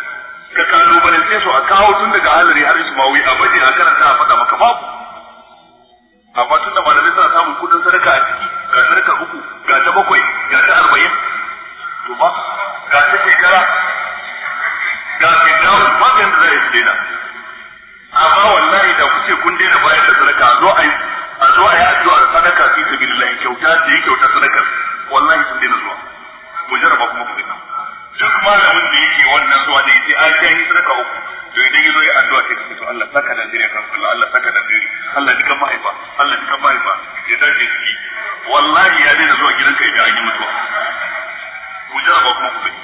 ka kalubalance su a kawo tun daga halari har ismawi a baje a karanta a faɗa maka babu amma tun da malamai suna samun kudin sadaka a ciki ga sadaka uku ga ta bakwai ga ta arba'in to ba ga ta shekara ga dawo ba ga yadda za a yi daina amma wallahi da kuce kun daina bayar da sadaka a zo a yi a zo a yi addu'ar sadaka fi sabilillah kyauta da yi kyauta sadaka wallahi sun daina zuwa ku jarraba kuma ku fita duk malamin da yake wannan zuwa da yake a ta yi sadaka uku to idan yazo ya addu'a sai ka to Allah saka da jira kan Allah Allah saka da jira Allah dukan mahaifa Allah dukan mahaifa ya dace ki wallahi ya daina zuwa gidanka idan an yi mutuwa ku jarraba kuma ku fita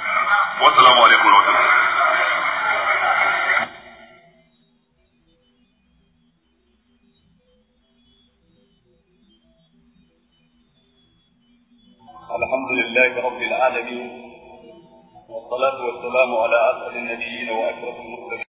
wassalamu alaikum wa rahmatullahi الحمد لله رب العالمين والصلاة والسلام على أسعد النبيين وأشرف المرسلين